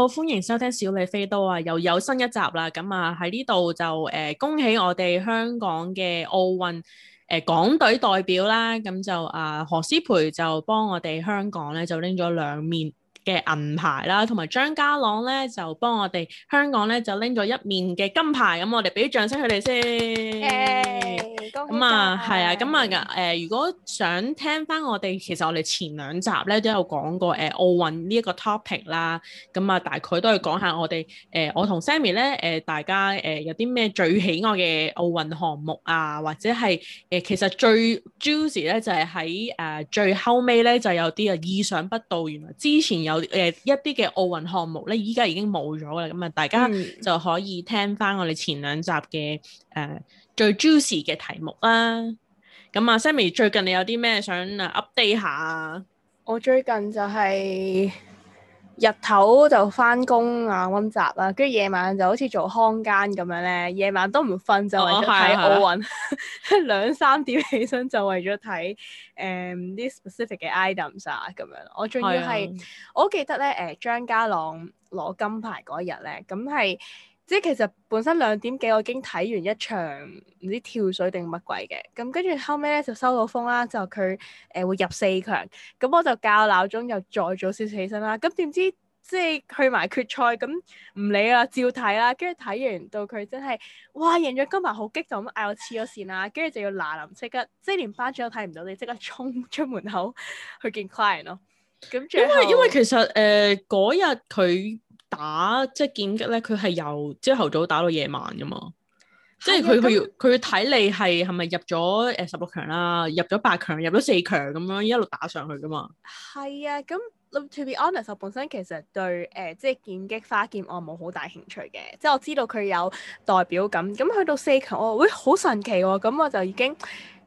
好歡迎收聽《小李飛刀》啊，又有新一集啦！咁啊喺呢度就誒恭喜我哋香港嘅奧運誒港隊代表啦！咁就啊何詩蓓，就幫我哋香港咧就拎咗兩面。嘅銀牌啦，同埋張家朗咧就幫我哋香港咧就拎咗一面嘅金牌，咁我哋俾啲掌聲佢哋先。咁啊，係啊，咁啊嘅誒，如果想聽翻我哋，其實我哋前兩集咧都有講過誒、呃、奧運呢一個 topic 啦，咁啊大概都係講下我哋誒、呃、我同 Sammy 咧誒大家誒、呃、有啲咩最喜愛嘅奧運項目啊，或者係誒、呃、其實最 juicy 咧就係喺誒最後尾咧就有啲啊意想不到，原來之前有。誒，一啲嘅奧運項目咧，依家已經冇咗啦，咁啊、嗯，大家就可以聽翻我哋前兩集嘅誒、呃、最 juicy 嘅題目啦。咁啊，Sammy 最近你有啲咩想啊 update 下？我最近就係、是。日頭就翻工啊，溫習啦、啊，跟住夜晚就好似做康間咁樣咧。夜晚都唔瞓，就為咗睇奧運，哦、 兩三點起身就為咗睇誒啲 specific 嘅 items 啊咁樣。我仲要係，的我記得咧誒、呃、張家朗攞金牌嗰日咧，咁係。即係其實本身兩點幾，我已經睇完一場唔知跳水定乜鬼嘅，咁跟住後尾咧就收到風啦，就佢誒、呃、會入四強，咁我就校鬧鐘又再早少少起身啦。咁點知即係去埋決賽，咁唔理啦，照睇啦。跟住睇完到佢真係哇贏咗金牌好激，就咁嗌我黐咗線啦。跟住就要嗱臨即刻，即係連班主都睇唔到，你即刻衝出門口去見 client 咯。因為因為其實誒嗰日佢。呃打即係劍擊咧，佢係由朝頭早打到夜晚噶嘛，即係佢佢要佢睇你係係咪入咗誒十六強啦、啊，入咗八強，入咗四強咁樣一路打上去噶嘛。係啊，咁 to be honest，我本身其實對誒、呃、即係劍擊花劍我冇好大興趣嘅，即係我知道佢有代表感，咁去到四強我喂，好、哎、神奇喎、哦，咁我就已經。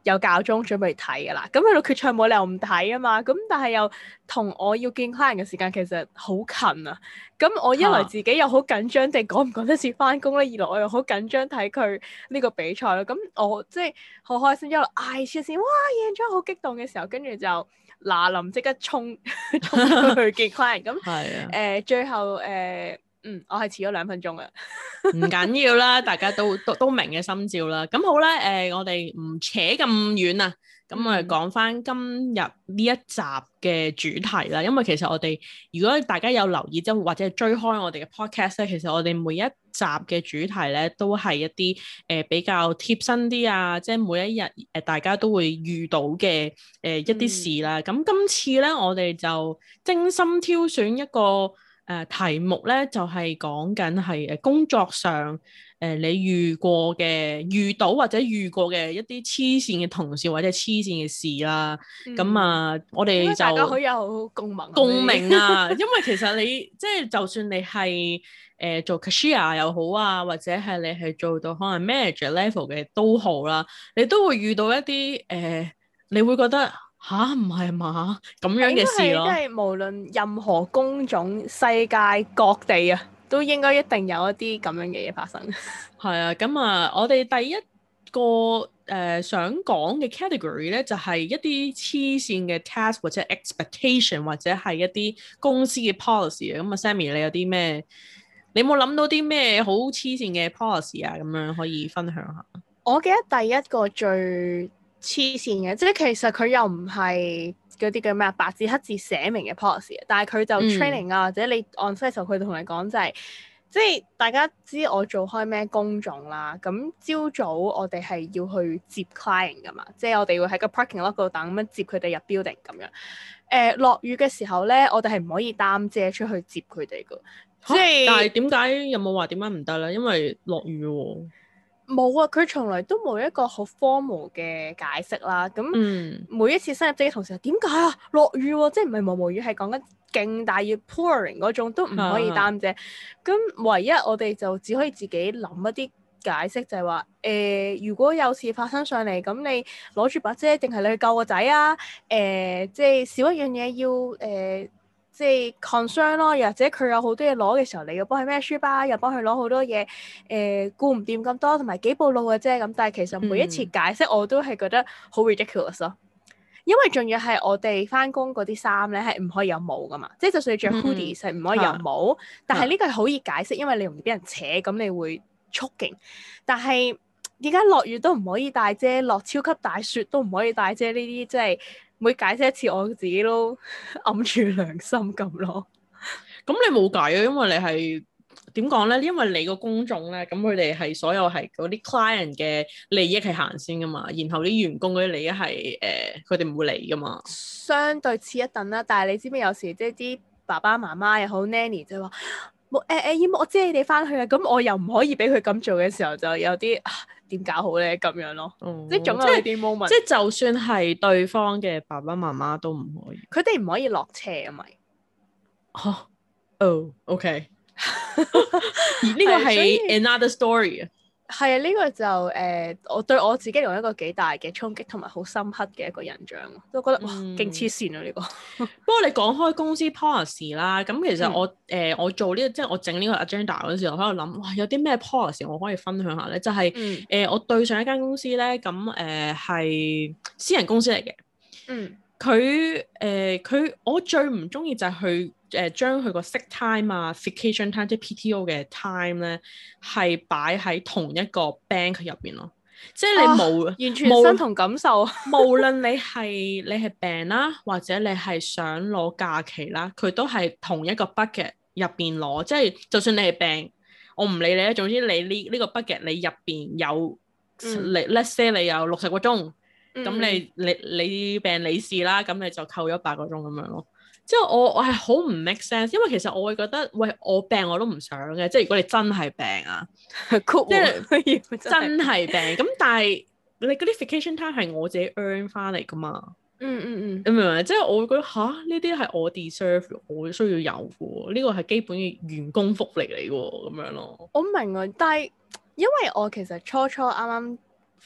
有教鐘準備睇嘅啦，咁去到決賽冇理由唔睇啊嘛，咁但係又同我要見 client 嘅時間其實好近啊，咁我一嚟自己又好緊張地趕唔趕得切翻工咧，二來我又好緊張睇佢呢個比賽咯，咁我即係好開心一路唉，宣宣，哇贏咗好激動嘅時候，跟住就嗱臨即刻衝 衝去見 client，咁誒、 啊呃、最後誒。呃嗯，我係遲咗兩分鐘啊，唔緊要啦，大家都 都，都，都明嘅心照啦。咁好啦，誒、呃，我哋唔扯咁遠啊，咁我哋講翻今日呢一集嘅主題啦。嗯、因為其實我哋如果大家有留意，或者追開我哋嘅 podcast 咧，其實我哋每一集嘅主題咧，都係一啲誒、呃、比較貼身啲啊，即、就、係、是、每一日誒大家都會遇到嘅誒、呃、一啲事啦。咁、嗯、今次咧，我哋就精心挑選一個。誒、呃，題目咧就係講緊係誒工作上誒、呃、你遇過嘅遇到或者遇過嘅一啲黐線嘅同事或者黐線嘅事啦、啊，咁、嗯、啊，我哋大家好有共鳴，共鳴啊！鳴啊 因為其實你即係、就是、就算你係誒、呃、做 cashier 又好啊，或者係你係做到可能 manager level 嘅都好啦、啊，你都會遇到一啲誒、呃，你會覺得。吓唔係嘛？咁樣嘅事咯、啊，即係無論任何工種，世界各地啊，都應該一定有一啲咁樣嘅嘢發生。係 啊，咁啊，我哋第一個誒、呃、想講嘅 category 咧，就係、是、一啲黐線嘅 task 或者 expectation 或者係一啲公司嘅 policy、嗯、pol 啊。咁啊，Sammy，你有啲咩？你有冇諗到啲咩好黐線嘅 policy 啊？咁樣可以分享下。我記得第一個最。黐線嘅，即係其實佢又唔係嗰啲叫咩啊，白字黑字寫明嘅 policy，但係佢就 training 啊、嗯、或者你 on site 時候佢同你講就係、是，即係大家知我做開咩工種啦，咁朝早我哋係要去接 client 㗎嘛，即係我哋會喺個 parking lot 度等咁樣接佢哋入 building 咁樣。誒、呃、落雨嘅時候咧，我哋係唔可以擔遮出去接佢哋㗎。啊、即係是，但係點解？有冇話點解唔得咧？因為落雨喎。冇啊，佢從來都冇一個好 formal 嘅解釋啦。咁每一次新入職嘅同事，點解、嗯、啊落雨喎？即係唔係毛毛雨，係講緊勁大雨 pouring 嗰種，都唔可以擔遮。咁、啊、唯一我哋就只可以自己諗一啲解釋，就係話誒，如果有事發生上嚟，咁你攞住把遮，定係你去救個仔啊？誒、呃，即係少一樣嘢要誒。呃即係 concern 咯，或者佢有好多嘢攞嘅時候，你要幫佢孭書包，又幫佢攞好多嘢，誒、呃、顧唔掂咁多，同埋幾步路嘅啫咁。但係其實每一次解釋我都係覺得好 ridiculous 咯，嗯、因為仲要係我哋翻工嗰啲衫咧係唔可以有帽噶嘛，即係就算你着 hoodie，其實唔可以有帽。嗯、但係呢個係好易解釋，因為你容易俾人扯，咁你會觸勁。但係而家落雨都唔可以帶遮，落超級大雪都唔可以帶遮，呢啲即係。每解釋一次，我自己都揞住良心咁咯。咁 你冇計啊，因為你係點講咧？因為你個公眾咧，咁佢哋係所有係嗰啲 client 嘅利益係行先噶嘛。然後啲員工嗰啲利益係誒，佢哋唔會理噶嘛。相對次一等啦，但係你知唔知有時即係啲爸爸媽媽又好 nanny 即話冇誒誒，而、哎哎哎、我知你哋翻去啊，咁我又唔可以俾佢咁做嘅時候，就有啲。點搞好咧？咁樣咯，即係點冇問？即係就算係對方嘅爸爸媽媽都唔可以，佢哋唔可以落車啊？咪哦 Oh OK，而呢 個係 another story。 係啊，呢、這個就誒、呃，我對我自己有一個幾大嘅衝擊同埋好深刻嘅一個印象，都覺得、嗯、哇，勁黐線啊呢個！ 不過你講開公司 policy 啦，咁其實我誒、嗯呃、我做呢即係我整呢個 agenda 嗰陣時候，我喺度諗哇，有啲咩 policy 我可以分享下咧？就係、是、誒、嗯呃，我對上一間公司咧，咁誒係私人公司嚟嘅。嗯，佢誒佢我最唔中意就係去。誒、呃、將佢個 sick time 啊，啊，啊，vacation time 即係 PTO 嘅 time 咧，係擺喺同一個 bank 入邊咯。即係你冇完全身同感受。 無論你係你係病啦、啊，或者你係想攞假期啦、啊，佢都係同一個 budget 入邊攞。即係就算你係病，我唔理你啊。總之你呢呢、這個 budget 你入邊有，你、嗯、let's say 你有六十個鐘，咁、嗯嗯、你你你病理事啦、啊，咁你就扣咗八個鐘咁樣咯、啊。即係我我係好唔 make sense，因為其實我會覺得，喂，我病我都唔想嘅，即係如果你真係病啊， 即係 真係病，咁 但係你嗰啲 vacation time 係我自己 earn 翻嚟噶嘛，嗯嗯嗯，你明唔明？即係我會覺得吓呢啲係我 deserve，我需要有嘅，呢個係基本嘅員工福利嚟嘅咁樣咯。我唔明啊，但係因為我其實初初啱啱。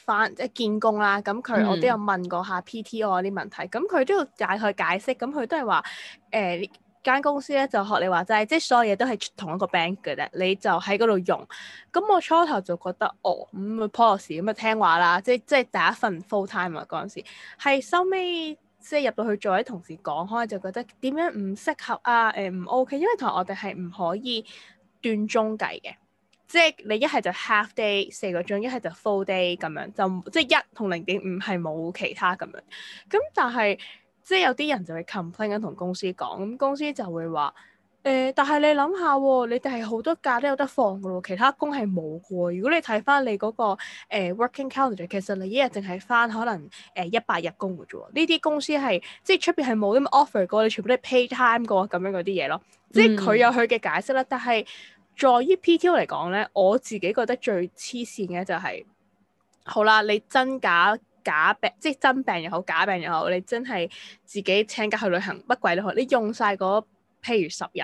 翻即係建工啦，咁佢我都有問過下 PTO 啲問題，咁佢都要大佢解釋，咁佢都係話誒間公司咧就學你話齋，即係所有嘢都係同一個 bank 嘅，你就喺嗰度用。咁我初頭就覺得哦，咁啊 policy 咁啊聽話啦，即係即係第一份 full time 啊嗰陣時，係收尾即係入到去做，啲同事講開就覺得點樣唔適合啊？誒唔 OK，因為同我哋係唔可以斷中計嘅。即係你一係就 half day 四個鐘，一係就 full day 咁樣，就即係一同零點五係冇其他咁樣。咁但係即係有啲人就會 complain 緊同公司講，咁公司就會話：誒、欸，但係你諗下，你哋係好多假都有得放嘅咯，其他工係冇嘅。如果你睇翻你嗰、那個、呃、working calendar，其實你一日淨係翻可能誒一百日工嘅啫。喎，呢啲公司係即係出邊係冇啲 offer 過，你全部都係 pay time 過咁樣嗰啲嘢咯。即係佢有佢嘅解釋啦，mm. 但係。在於 PTO 嚟講咧，我自己覺得最黐線嘅就係、是，好啦，你真假假病，即係真病又好，假病又好，你真係自己請假去旅行，乜鬼都好，你用晒嗰、那個、譬如十日，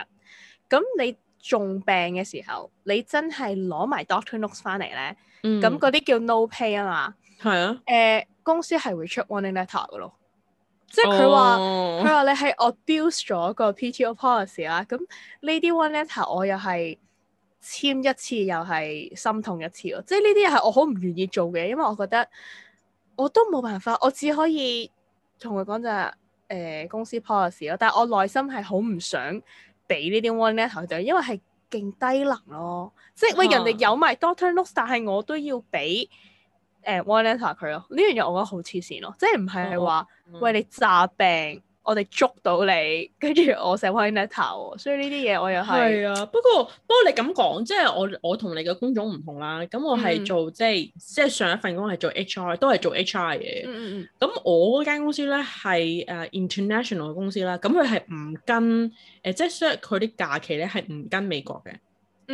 咁你仲病嘅時候，你真係攞埋 doctor notes 返嚟咧，咁嗰啲叫 no pay 啊嘛，係啊，誒、呃、公司係會出 warning letter 嘅咯，即係佢話佢話你係 abuse 咗個 PTO policy 啦，咁呢啲 warning letter 我又係。簽一次又係心痛一次咯，即係呢啲係我好唔願意做嘅，因為我覺得我都冇辦法，我只可以同佢講就係公司 policy 咯，但係我內心係好唔想俾呢啲 volunteer 因為係勁低能咯，即係喂，啊，人哋有 my doctor note 但係我都要俾誒 volunteer 佢咯，呢樣嘢我覺得好黐線咯，即係唔係係話喂你詐病？我哋捉到你，跟住我成 work i 所以呢啲嘢我又係。係啊，不過不過你咁講，即係我我同你嘅工種唔同啦。咁我係做、嗯、即係即係上一份工係做 HR，都係做 HR 嘅。嗯，嗯嗯。咁我間公司咧係誒 International 嘅公司啦，咁佢係唔跟誒，即係所佢啲假期咧係唔跟美國嘅。嗯嗯嗯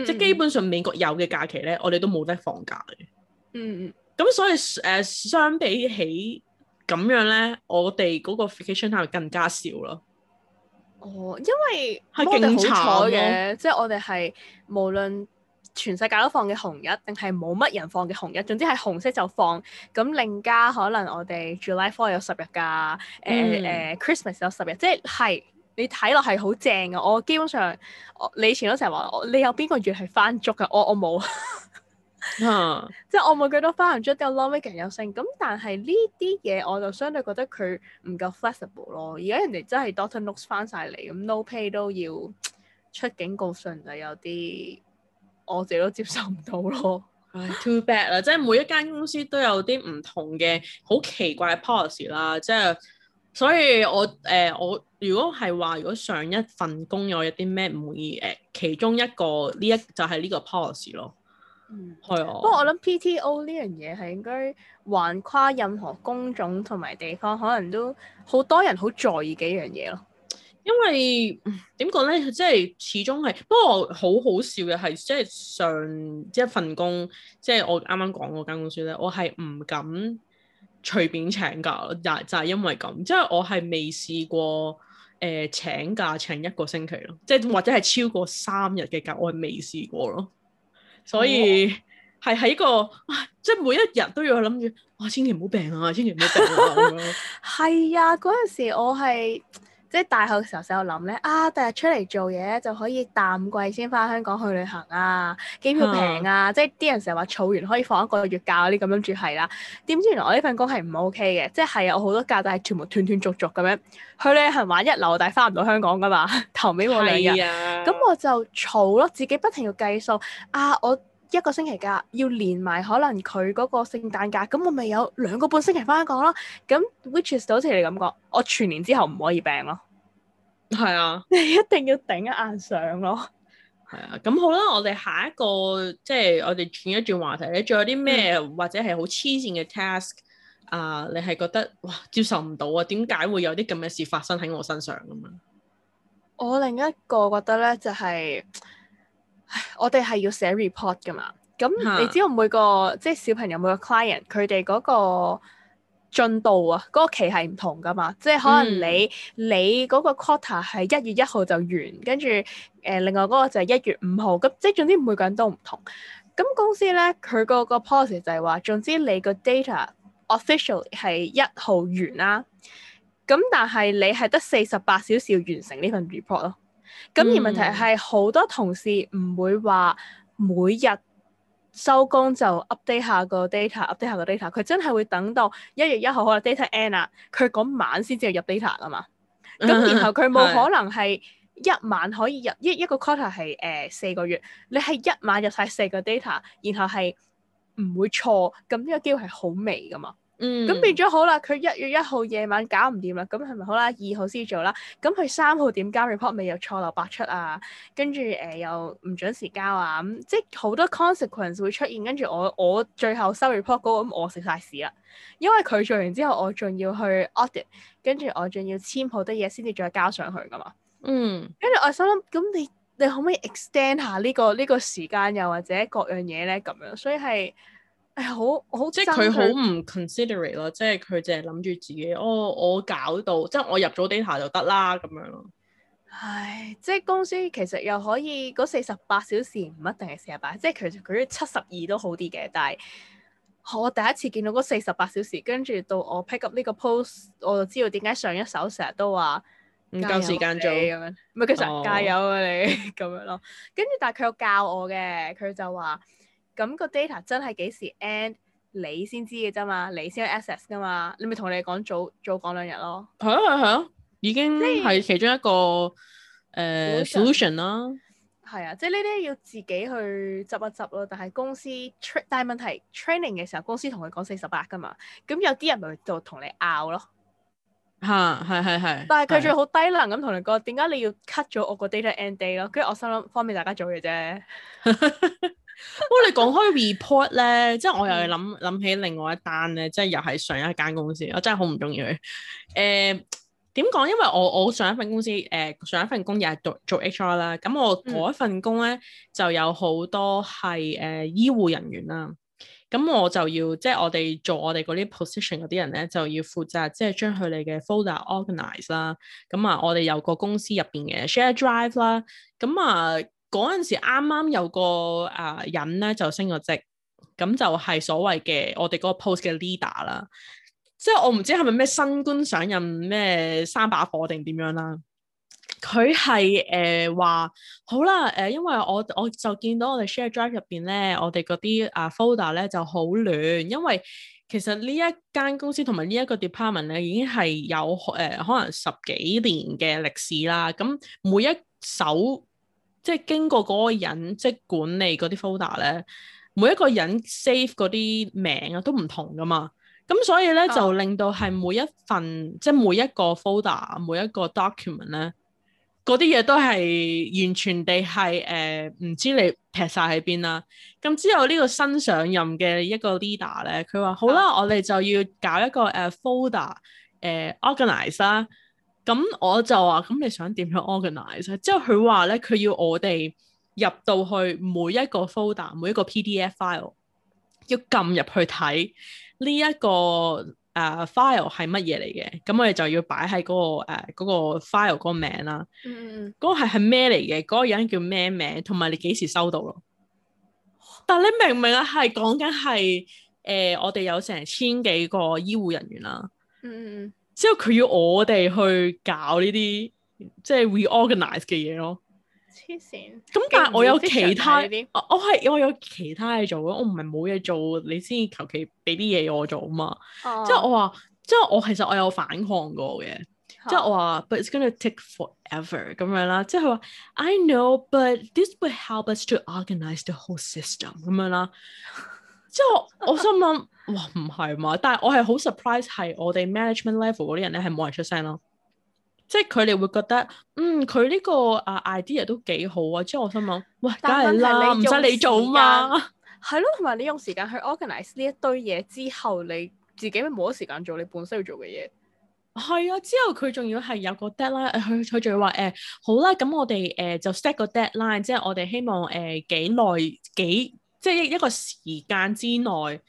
即係基本上美國有嘅假期咧，我哋都冇得放假嘅。嗯，嗯嗯。咁所以誒、呃，相比起。咁樣咧，我哋嗰個 vacation 係會更加少咯。哦，oh，因為係好彩嘅，即係我哋係無論全世界都放嘅紅日，定係冇乜人放嘅紅日。總之係紅色就放。咁另加可能我哋 July Four 有十日㗎。誒誒、mm。呃呃，Christmas 有十日，即係你睇落係好正㗎。我基本上，你以前都成日話我，你有邊個月係翻足㗎？我我冇。 啊！即係我每句都翻唔出啲 l a n g u a k e 有聲，咁但係呢啲嘢我就相對覺得佢唔夠 flexible 咯。而家人哋真係 doctor notes 翻晒嚟，咁 no pay 都要出警告信就有啲我自己都接受唔到咯。唉，too bad 啦！即係每一間公司都有啲唔同嘅好奇怪嘅 policy 啦，即係所以我誒、呃、我如果係話如果上一份工有啲咩唔滿意誒其中一個呢一就係、是、呢個 policy 咯。嗯，係啊，不過我諗 PTO 呢樣嘢係應該橫跨任何工種同埋地方，可能都好多人好在意嘅一樣嘢咯。因為點講咧，即係始終係，不過我好好笑嘅係，即係上一份工，即係我啱啱講嗰間公司咧，我係唔敢隨便請假，就就是、係因為咁，即係我係未試過誒、呃、請假請一個星期咯，即係或者係超過三日嘅假，我係未試過咯。所以係喺哇個，即係每一日都要去諗住，哇！千祈唔好病啊，千祈唔好病啊係， 啊，嗰陣時我係。即係大學嘅時候成日諗咧，啊，第日出嚟做嘢就可以淡季先翻香港去旅行啊，機票平啊！嗯、即係啲人成日話儲完可以放一個月假嗰啲咁樣住係啦。點知原來我呢份工係唔 OK 嘅，即係有好多假，但係全部斷斷續續咁樣去旅行玩一流，但係翻唔到香港噶嘛。 頭尾冇理啊。咁我就儲咯，自己不停要計數啊我。一個星期假要連埋，可能佢嗰個聖誕假，咁我咪有兩個半星期翻香港咯。咁 which is 好似你咁講，我全年之後唔可以病咯。係啊， 你一定要頂硬上咯。係啊，咁好啦，我哋下一個即係、就是、我哋轉一轉話題，你仲有啲咩、嗯、或者係好黐線嘅 task 啊、呃？你係覺得哇，接受唔到啊？點解會有啲咁嘅事發生喺我身上啊？嘛，我另一個覺得咧就係、是、我哋係要寫 report 噶嘛，咁你知道每個、嗯、即係小朋友每個 client 佢哋嗰個進度啊，嗰、嗰個期係唔同噶嘛，即係可能你、嗯、你嗰個 quarter 係一月一號就完，跟住誒另外嗰個就係一月五號，咁即係總之每個人都唔同。咁公司咧佢嗰個 policy 就係話，總之你個 data officially 係一號完啦，咁但係你係得四十八小時要完成呢份 report 咯。咁、嗯、而問題係好多同事唔會話每日收工就 update 下個 data，update 下個 data，佢真係會等到一月一號，好嗯、可能 data end 啦，佢嗰晚先至入 data 啊嘛。咁然後佢冇可能係一晚可以入一的一個 quarter 係誒四個月，你係一晚入晒四個 data，然後係唔會錯，咁呢個機會係好微噶嘛。嗯，咁變咗好啦，佢一月一號夜晚搞唔掂啦，咁係咪好啦？二號先做啦，咁佢三號點交 report 未？又錯漏百出啊，跟住誒又唔準時交啊，咁即係好多 consequence 會出現。跟住我我最後收 report 嗰個，咁我食晒屎啦，因為佢做完之後，我仲要去 audit，跟住我仲要簽好多嘢先至再交上去噶嘛。嗯，跟住我心諗，咁你你可唔可以 extend 下呢個呢個時間又或者各樣嘢咧？咁樣，所以係。誒，好、哎、即係佢好唔 considerate 咯，即係佢淨係諗住自己，哦，我搞到即係我入咗 data 就得啦咁樣咯。唉，即係公司其實又可以嗰四十八小時唔一定係四十八，即係其實佢七十二都好啲嘅。但係我第一次見到嗰四十八小時，跟住到我 pick up 呢個 post，我就知道點解上一手成日都話唔夠時間做咁樣，唔係佢成日加油啊你咁樣咯。跟住、哦、但係佢有教我嘅，佢就話。咁個 data 真係幾時 end，你先知嘅啫嘛，你先有 access 噶嘛，你咪同你講早早講兩日咯。嚇嚇啊，已經係其中一個誒 solution 啦。係、uh, 啊，即係呢啲要自己去執一執咯、啊。但係公司出大問題 training 嘅時候，公司同佢講四十八噶嘛。咁有啲人咪就同你拗咯。吓、啊，係係係。但係佢最好低能咁同你講，點解你要 cut 咗我個 data end day 咯？跟住我心諗方便大家做嘢啫。 哇、 哦！你講開 report 咧，即係我又諗諗起另外一單咧，即係又係上一間公司，我真係好唔中意佢。誒、呃，點講？因為我我上一份公司，誒、呃，上一份工又係做做 HR 啦。咁我嗰一份工咧，嗯、就有好多係誒、呃、醫護人員啦。咁我就要即係我哋做我哋嗰啲 position 嗰啲人咧，就要負責即係將佢哋嘅 folder organize 啦。咁啊，我哋有個公司入邊嘅 share drive 啦。咁啊。嗰陣時啱啱有個啊、呃、人咧就升咗職，咁就係所謂嘅我哋嗰個 post 嘅 leader 啦。即係我唔知係咪咩新官上任咩三把火定點樣啦。佢係誒，話好啦，誒、呃、因為我我就見到我哋 Share Drive 入邊咧，我哋嗰啲啊 folder 咧就好亂，因為其實呢一間公司同埋呢一個 department 咧已經係有誒、呃、可能十幾年嘅歷史啦。咁每一手即係經過嗰個人即係、就是、管理嗰啲 folder 咧，每一個人 save 嗰啲名啊都唔同㗎嘛，咁所以咧、oh. 就令到係每一份即係每一個 folder、每一個 document 咧，嗰啲嘢都係完全地係誒唔知你劈晒喺邊啦。咁之後呢個新上任嘅一個 leader 咧，佢話、oh. 好啦，我哋就要搞一個誒 folder 誒 organize 啦、uh,。咁我就話：咁你想點樣 organize？之後佢話咧，佢要我哋入到去每一個 folder、每一個 PDF file，要撳入去睇呢一個誒、呃、file 係乜嘢嚟嘅？咁我哋就要擺喺嗰個誒、呃那個、file 個名啦。嗯、mm，嗰係係咩嚟嘅？嗰、那個人叫咩名？同埋你幾時收到咯？但你明唔明啊？係講緊係誒，我哋有成千幾個醫護人員啦、啊。嗯、mm。Hmm. 之後佢要我哋去搞呢啲即係 reorganize 嘅嘢咯，黐線。咁但係我有其他，我我係我有其他嘢做咯，我唔係冇嘢做，你先求其俾啲嘢我做啊嘛。即係我話，即係我其實我有反抗過嘅。即係我話，but it's gonna take forever，咁樣啦。即係佢話，I know，but this will help us to organize the whole system，咁樣啦。之後我心諗。唔係嘛？但係我係好 surprise，係我哋 management level 嗰啲人咧係冇人出聲咯。即係佢哋會覺得，嗯，佢呢個啊 idea 都幾好啊。之後我心諗，喂，梗係啦，唔使你、你做嘛。係咯，同埋你用時間去 organize 呢一堆嘢之後，你自己咪冇咗時間做你本身要做嘅嘢。係啊，之後佢仲要係有個 deadline，佢佢仲要話誒、欸、好啦，咁我哋誒、呃、就 set 個 deadline，即係我哋希望誒幾耐幾，即係一一個時間之內，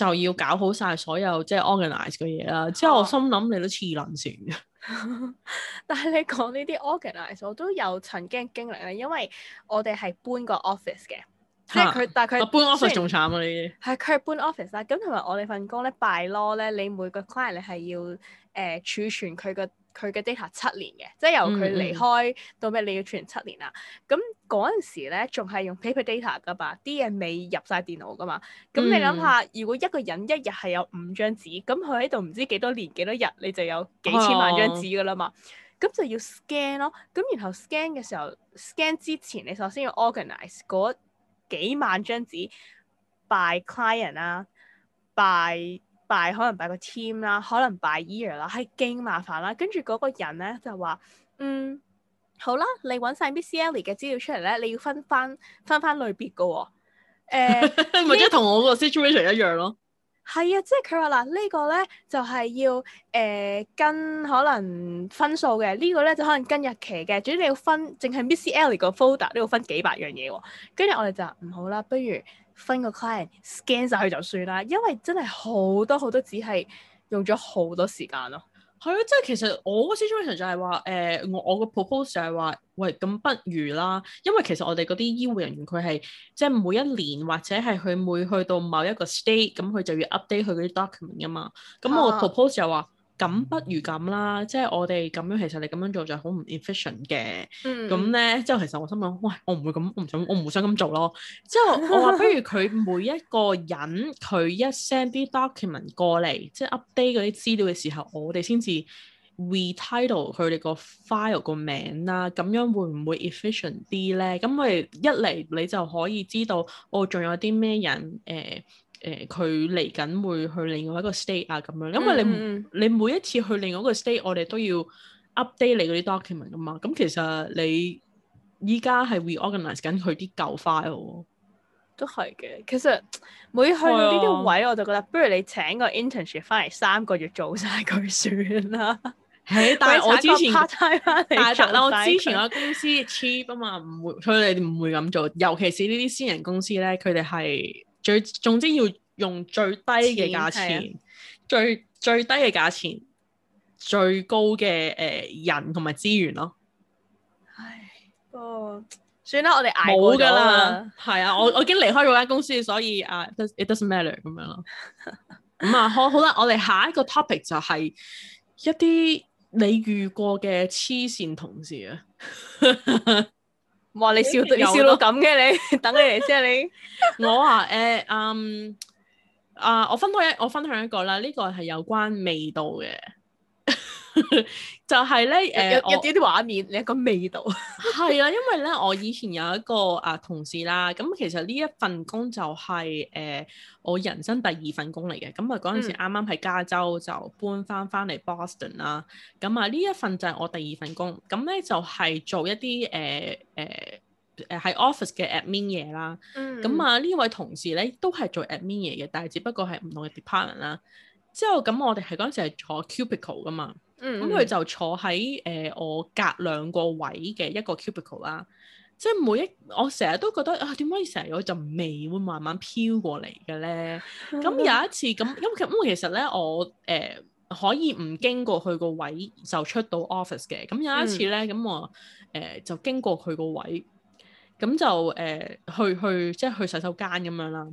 就要搞好晒所有即係、就是、organize 嘅嘢啦。之後我心諗你都似能船嘅，但係你講呢啲 organize，我都有曾經經歷咧。因為我哋係搬過 office 嘅，啊、即係佢但係佢搬 office 仲算慘啊，你啊！呢啲係佢搬 office 啦、啊。咁同埋我哋份工咧，by law 咧，你每個 client 係要誒、呃、儲存佢個。佢嘅 data 七年嘅，即係由佢離開、嗯、到咩你要存七年啦。咁嗰陣時咧，仲係用 paper data 噶吧？啲嘢未入晒電腦噶嘛？咁你諗下，嗯、如果一個人一日係有五張紙，咁佢喺度唔知幾多年幾多日，你就有幾千萬張紙噶啦嘛？咁、哦、就要 scan 咯。咁然後 scan 嘅時候，scan 之前你首先要 organize 嗰幾萬張紙 by client 啊 by 拜可能拜個 team 啦，可能拜 year 啦，係勁麻煩啦。跟住嗰個人咧就話：嗯，好啦，你揾晒 Miss Ellie 嘅資料出嚟咧，你要分翻分翻類別嘅喎、哦。或者同我個 situation 一樣咯。係啊，即係佢話，嗱呢個咧就係、是、要誒、呃、跟可能分數嘅、這個、呢個咧就可能跟日期嘅，總之你要分淨係 Miss Ellie 個 folder 都要分幾百樣嘢喎，跟住我哋就唔好啦，不如分個 client scan 晒去就算啦，因為真係好多好多只係用咗好多時間咯。係啊，即係其實我個 situation 就係話，誒、呃、我我個 proposal 就係話，喂，咁不如啦，因為其實我哋嗰啲醫護人員佢係即係每一年或者係佢每去到某一個 state，咁佢就要 update 佢嗰啲 document 噶嘛，咁我 proposal 就話，啊咁不如咁啦，即係我哋咁樣，其實你咁樣做就好唔 efficient 嘅。咁、嗯、呢，之後其實我心諗，喂，我唔會咁，唔想，我唔想咁做咯。之後我話不如佢每一個人，佢一 send 啲 document 過嚟，即係 update 嗰啲資料嘅時候，我哋先至 retitle 佢哋個 file 個名啦。咁樣會唔會 efficient 啲呢？咁佢一嚟，你就可以知道我仲、哦、有啲咩人誒？呃誒佢嚟緊會去另外一個 state 啊，咁樣，因為你、嗯、你每一次去另外一個 state，我哋都要 update 你嗰啲 document 噶嘛。咁、嗯、其實你依家係 reorganize 緊佢啲舊 file，都係嘅。其實每去呢啲位，啊、我就覺得不如你請個 internship 翻嚟三個月做晒佢算啦。係、欸，但係我之前派翻嚟，個啊、我之前我之前公司 cheap 啊嘛，唔會，所以你哋唔會咁做。尤其是呢啲私人公司咧，佢哋係。最，總之要用最低嘅價錢，錢最最低嘅價錢，最高嘅誒、呃、人同埋資源咯。唉，不過算啦，我哋捱冇噶啦。係啊了， 我我已經離開咗間公司，所以啊、uh，it doesn't matter 咁樣咯。咁啊、 嗯，好啦，我哋下一個 topic 就係一啲你遇過嘅黐線同事啊。 哇！你笑了你笑到咁嘅你，等你嚟先啊！你 我話誒，嗯啊，我分享我分享一個啦，呢、這個係有關味道嘅。 就係咧，誒、呃、有有啲啲畫面，我你一個味道。係啊，因為咧，我以前有一個啊同事啦，咁其實呢一份工就係、是、誒、呃、我人生第二份工嚟嘅。咁啊嗰陣時啱啱喺加州就搬翻翻嚟 Boston 啦。咁啊呢一份就係我第二份工。咁咧就係做一啲誒誒誒喺 office 嘅 admin 嘢啦。咁啊呢位同事咧都係做 admin 嘢嘅，但係只不過係唔同嘅 department 啦。之後咁我哋係嗰陣時係坐 cubicle 㗎嘛。咁佢、嗯、就坐喺誒、呃、我隔兩個位嘅一個 cubicle 啦、啊，即係每一我成日都覺得啊，點解成日有陣味會慢慢飄過嚟嘅咧？咁、嗯、有一次咁，因為其實咧，我誒、呃、可以唔經過佢個位就出到 office 嘅。咁有一次咧，咁、嗯、我誒、呃、就經過佢個位，咁就誒、呃、去去即係去洗手間咁樣啦。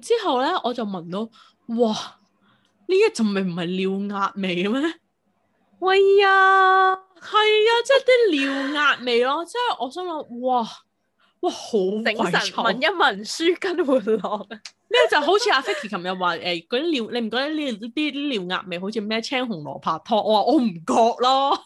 之後咧我就聞到哇，呢一陣味唔係尿壓味嘅咩？喂呀，係啊，即係啲尿壓味咯，即係我想諗，哇哇好鬼臭！聞一聞舒筋活絡嘅，呢就好似阿 Ficky 琴日話，誒嗰啲尿，你唔覺得呢啲尿壓味好似咩青紅蘿蔔湯？我話我唔覺咯，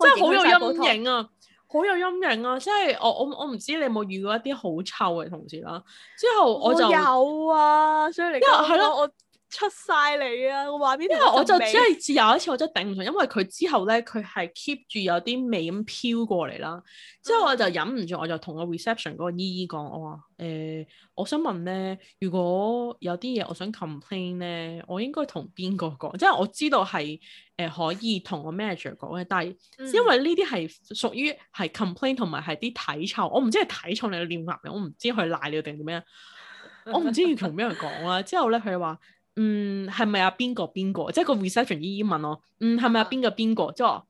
真係好有陰影啊，好有陰影啊！即係我我我唔知你有冇遇到一啲好臭嘅同事啦，之後我就有啊，所以嚟緊係咯我。出晒嚟啊！我話畀你聽，我就只係有一次我真係頂唔順，因為佢之後咧佢係 keep 住有啲味咁飄過嚟啦。嗯、之後我就忍唔住，我就同個 reception 嗰個姨姨講，我話誒、欸，我想問咧，如果有啲嘢我想 complain 咧，我應該同邊個講？即、就、係、是、我知道係誒、呃、可以同個 manager 講嘅，但係、嗯、因為呢啲係屬於係 complain 同埋係啲體臭，我唔知係體臭你嘅尿液嚟。我唔知佢瀨你定做咩， 我唔知要同咩人講啦。之後咧佢話。嗯，係咪啊？邊個邊個？即係個 reception 姨姨問我，嗯，係咪啊？邊個邊個？即係話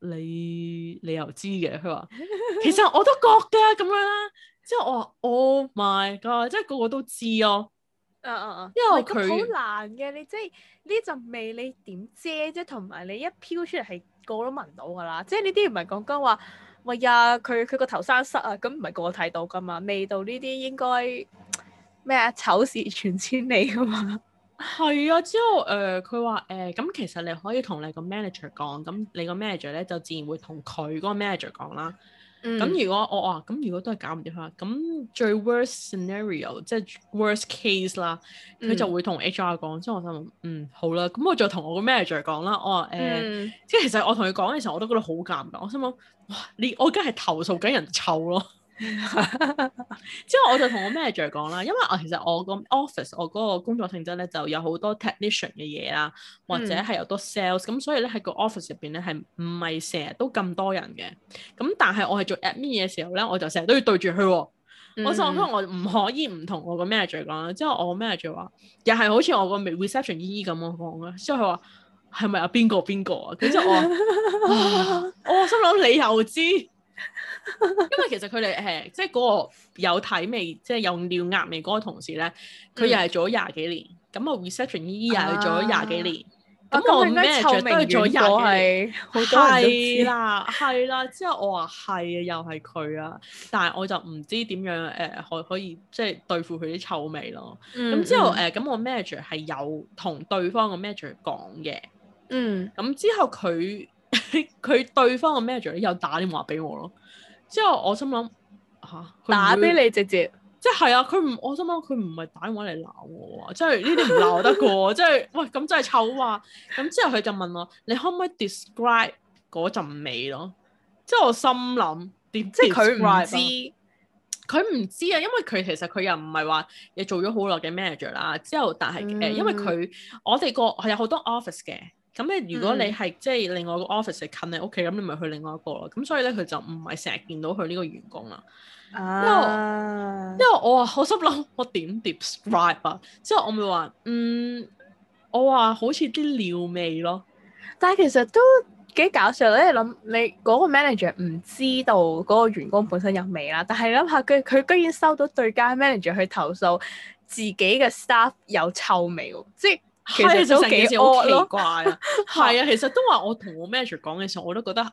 你你又知嘅？佢話 其實我都覺嘅咁樣啦。即係我話、oh、my god，即係個個都知咯。啊啊啊！Uh, uh, uh, 因為佢好難嘅，你即係呢陣味你點遮啫？同埋你一飄出嚟，係個個都聞到噶啦。即係呢啲唔係講講話，喂呀，佢佢個頭生虱啊，咁唔係個個睇到噶嘛？味道呢啲應該咩啊？醜事傳千里噶嘛？ 係啊，之後誒佢話誒咁其實你可以同你個 manager 講，咁你個 manager 咧就自然會同佢嗰個 manager 講啦。咁、嗯、如果我話咁如果都係搞唔掂，佢話咁最 worse scenario 即係 worse case 啦，佢就會同 HR 講。之後我心諗嗯，嗯好啦，咁我就同我個 manager 講啦。我話誒，欸嗯、即係其實我同佢講嘅時候我都覺得好尷尬。我心諗哇，你我而家係投訴緊人臭咯。 之後我就同我 manager 講啦，因為我其實我個 office 我嗰個工作性質咧就有好多 technician 嘅嘢啦，或者係有多 sales，咁所以咧喺個 office 入邊咧係唔係成日都咁多人嘅，咁但係我係做 admin 嘅時候咧，我就成日都要對住佢，我就覺得我唔可以唔同我個 manager 講啦，之後我 manager 話又係好似我個 reception 姨姨咁樣講啦，之後佢話係咪有邊個邊個啊？跟住我我心諗你又知。 因為其實佢哋誒，即係嗰個有體味，即、就、係、是、有尿液味嗰個同事咧，佢、嗯、又係做咗廿幾年，咁我 reception 姨又係做咗廿幾年，咁、啊啊、那我咩臭味又係，係啦係啦，之後我話係啊，又係佢啦，但係我就唔知點樣誒可、呃、可以即係、就是、對付佢啲臭味咯。咁、嗯、之後誒，咁、呃、我 manager 係有同對方個 manager 講嘅，嗯，咁之後佢。佢 對方個 manager 又打電話俾我咯，之後我心諗嚇，啊、打俾你直接，即係啊，佢唔，我心諗佢唔係打電話嚟鬧我喎，即係呢啲唔鬧得過， 即係喂咁真係臭啊！咁、嗯、之後佢就問我，你可唔可以 describe 嗰陣味咯？即係我心諗點，即係佢唔知，佢唔知啊，因為佢其實佢又唔係話你做咗好耐嘅 manager 啦。之後但係誒，嗯、因為佢我哋個係有好多 office 嘅。咁你、嗯、如果你係即係另外個 office 係近你屋企，咁你咪去另外一個咯。咁所以咧，佢就唔係成日見到佢呢個員工啦。因為因為我話好心諗我點 describe 啊？之後我咪話嗯，我話好似啲尿味咯。但係其實都幾搞笑咧。諗你嗰個 manager 唔知道嗰個員工本身有味啦，但係諗下佢佢居然收到對家 manager 去投訴自己嘅 staff 有臭味喎，即係。其實都幾奇怪啊，係啊，其實都話我同我 manager 講嘅時候，我都覺得好、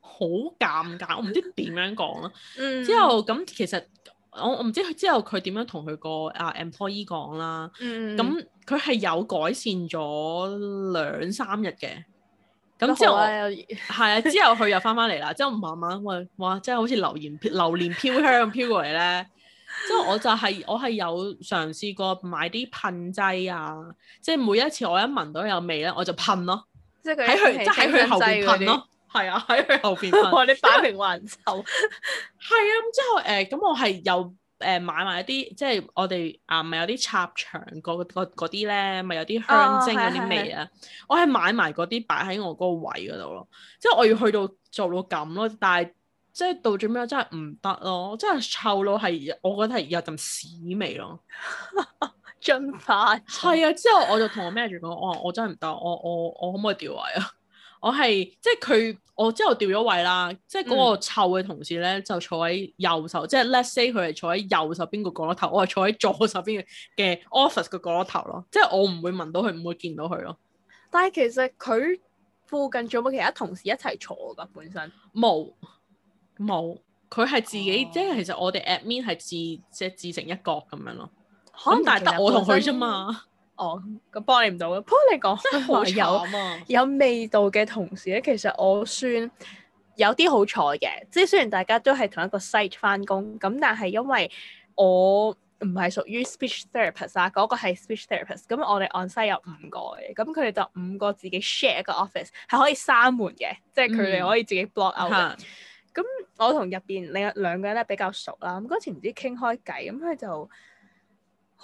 哦、尷尬，我唔知點樣講咯。嗯、之後咁其實我我唔知佢之後佢點樣同佢個啊 employee 講啦。咁佢係有改善咗兩三日嘅。咁之後係啊， 之後佢又翻翻嚟啦，之後慢慢喂，哇，真係好似榴蓮榴蓮飄香咁飄過嚟咧。嗯 即係我就係、是、我係有嘗試過買啲噴劑啊，即係每一次我一聞到有味咧，我就噴咯，即係喺佢即係喺佢後邊噴咯，係啊，喺佢後邊噴。哇！你擺平還臭，係啊。咁之後誒，咁我係又誒買埋一啲即係我哋啊，咪有啲插牆嗰啲咧，咪有啲香精嗰啲味啊。我係買埋嗰啲擺喺我嗰個位嗰度咯。即係我要去到做到咁咯，但係。即係到最屘，真係唔得咯！真係臭到係，我覺得係有陣屎味咯。進快 了！係啊，之後我就同我 manager 講、哦：，我我真係唔得，我我我可唔可以調位啊？我係即係佢，我之後調咗位啦。即係嗰個臭嘅同事咧，就坐喺右手，嗯、即係 let’s say 佢係坐喺右手邊個角落頭，我係坐喺左手邊嘅 office 嘅角落頭咯。即係我唔會聞到佢，唔會見到佢咯。但係其實佢附近仲有冇其他同事一齊坐噶？本身冇。冇，佢係自己，oh. 即係其實我哋 admin 係自即係自，自成一角咁樣咯。可能大得我同佢啫嘛。哦，咁幫你唔到咯。幫你講真、 啊、有，有味道嘅同事咧，其實我算有啲好彩嘅。即係雖然大家都係同一個 site 翻工，咁但係因為我唔係屬於 speech therapist 啊，嗰個係 speech therapist。咁我哋 on site 有五個嘅，咁佢哋就五個自己 share 一個 office，係可以閂門嘅，即係佢哋可以自己 block、mm. out 咁我同入邊另外兩個人咧比較熟啦，咁嗰次唔知傾開偈，咁佢就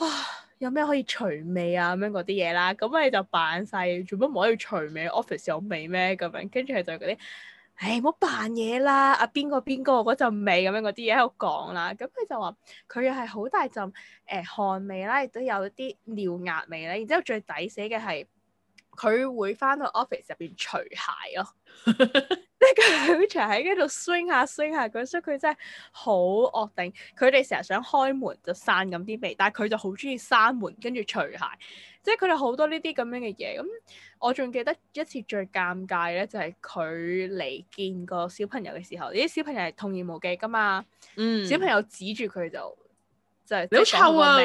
哇、呃、有咩可以除味啊咁樣嗰啲嘢啦，咁佢就扮晒：「做乜唔可以除味 office 有味咩？」咁樣跟住佢就嗰啲，唉唔好扮嘢啦，阿邊個邊個嗰陣味咁樣嗰啲嘢喺度講啦，咁佢就話佢又係好大陣誒、呃、汗味啦，亦都有啲尿壓味咧，然之後最抵死嘅係。佢會返到 office 入、喔、 邊除鞋咯，即係佢除喺嗰度 swing 下 swing 下，佢所以佢真係好惡定。佢哋成日想開門就散咁啲味，但係佢就好中意閂門跟住除鞋，即係佢哋好多呢啲咁樣嘅嘢。咁我仲記得一次最尷尬咧，就係佢嚟見個小朋友嘅時候，呢啲小朋友係童言無忌噶嘛，嗯，小朋友指住佢就就係你好臭啊，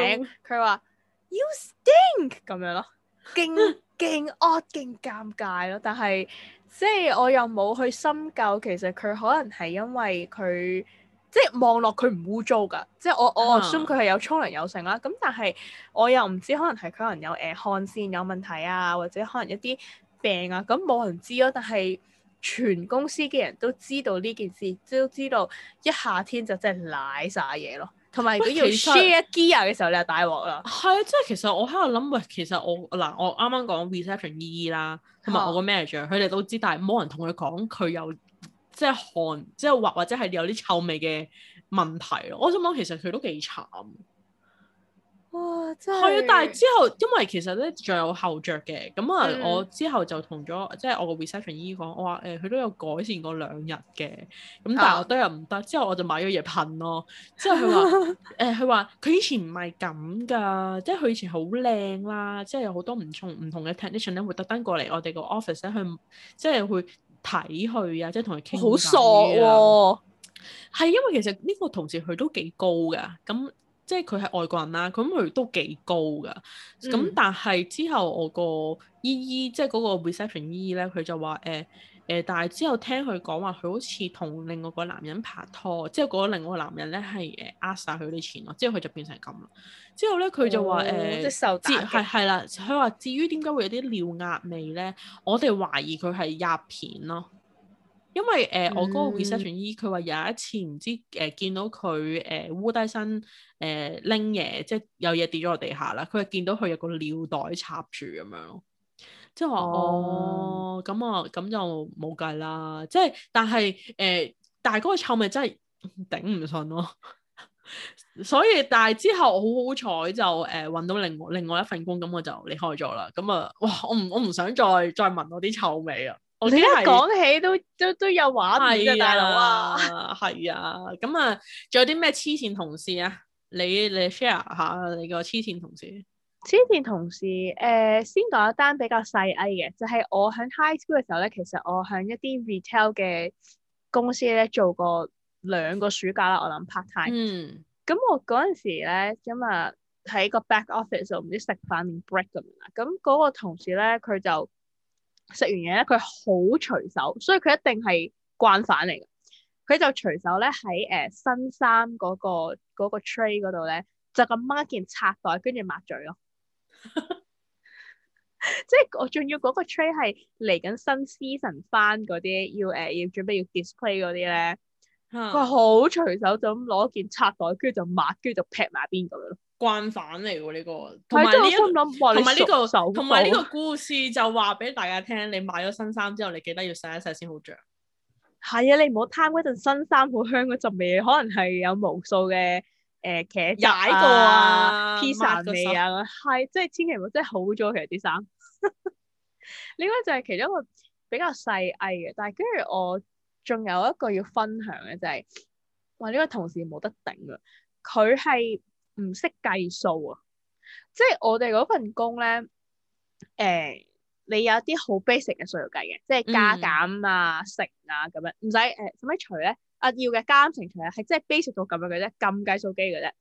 佢話 You stink 咁樣咯，驚～ 勁惡勁尷尬咯，但係即係我又冇去深究，其實佢可能係因為佢即係望落佢唔污糟㗎，即係我我 assume 佢係有沖涼有成啦。咁但係我又唔知，可能係佢可能有誒汗腺有問題啊，或者可能一啲病啊，咁冇人知咯啊。但係全公司嘅人都知道呢件事，都知道一夏天就真係瀨曬嘢咯。同埋如果要 share gear 嘅時候，實你就大鑊啦。係啊，即係其實我喺度諗喂，其實我嗱我啱啱講 reception EE 啦，同埋我個 manager，佢哋都知，但係冇人同佢講，佢有即係汗，即係或或者係有啲臭味嘅問題咯。我想講其實佢都幾慘。哇！真係啊，但係之後因為其實咧，仲有後着嘅咁啊，嗯、我之後就同咗即係我個 receptionist，講，我話誒，佢、欸、都有改善過兩日嘅，咁但係都又唔得。啊、之後我就買咗嘢噴咯。之後佢話誒，佢話佢以前唔係咁㗎，即係佢以前好靚啦，即係有好多唔同唔同嘅 technician 咧，會特登過嚟我哋個 office 咧去，即係會睇佢啊，即係同佢傾好傻喎、哦。係因為其實呢個同事佢都幾高㗎，咁。即係佢係外國人啦，咁佢都幾高㗎。咁、嗯、但係之後我姨姨、就是、個姨姨，即係嗰個 reception 姨姨咧，佢就話誒誒，但係之後聽佢講話，佢好似同另外個男人拍拖，之後嗰另外個男人咧係誒呃晒佢啲錢咯。之後佢就變成咁之後咧佢就話、哦呃、即係係係啦，佢話至於點解會有啲尿鴨味咧？我哋懷疑佢係鴨片咯。因為誒、嗯呃、我嗰個 reception 員佢話有一次唔知誒見到佢誒、呃、烏低身誒拎嘢，即係有嘢跌咗落地下啦。佢見到佢有個尿袋插住咁樣咯，即係話哦咁、哦、啊咁就冇計啦。即係但係誒，但係嗰、呃、個臭味真係頂唔順咯。嗯啊、 所以但係之後我好好彩就誒搵、呃、到另外另外一份工，咁我就離開咗啦。咁啊哇，我唔我唔想再再聞到我啲臭味啊！你一講起都都都有畫面嘅，大佬啊，係啊，咁啊，仲有啲咩黐線同事啊？你你 share 下你個黐線同事？黐線同事，誒、呃，先講一單比較細 I 嘅，就係、是、我喺 high school 嘅時候咧，其實我喺一啲 retail 嘅公司咧做過兩個暑假啦，我諗 part time。嗯。咁我嗰陣時咧，咁啊喺個 back office 度，唔知食飯定 break 咁樣啦。咁嗰個同事咧，佢就～食完嘢咧，佢好隨手，所以佢一定係慣犯嚟嘅。佢就隨手咧喺誒新衫嗰、嗰個嗰、嗰個 tray 嗰度咧，就咁掹一件拆袋，跟住抹嘴咯。 即係我仲要嗰個 tray 係嚟緊新 season 翻嗰啲，要誒、呃、要準備要 display 嗰啲咧，佢好 隨手就咁攞件拆袋，跟住就抹，跟住就劈埋邊度咯。慣犯嚟喎呢個，同埋呢個同埋呢個同埋呢個故事就話俾大家聽，你買咗新衫之後，你記得要洗一洗先好着。係啊，你唔好貪嗰陣新衫好香嗰陣味，可能係有無數嘅誒茄汁啊、披薩嗰啲啊，係即係千祈唔好即係好咗其實啲衫。呢個就係其中一個比較細藝嘅，但係跟住我仲有一個要分享嘅就係、話，我呢、呢個同事冇得頂啊，佢係。唔識計數啊，即係我哋嗰份工咧，誒、呃，你有一啲好 basic 嘅數要計嘅，即係加減啊、乘啊咁樣，唔使誒做咩除咧，啊要嘅加減乘除啊，係即係 basic 到咁樣嘅啫，撳計數機嘅啫，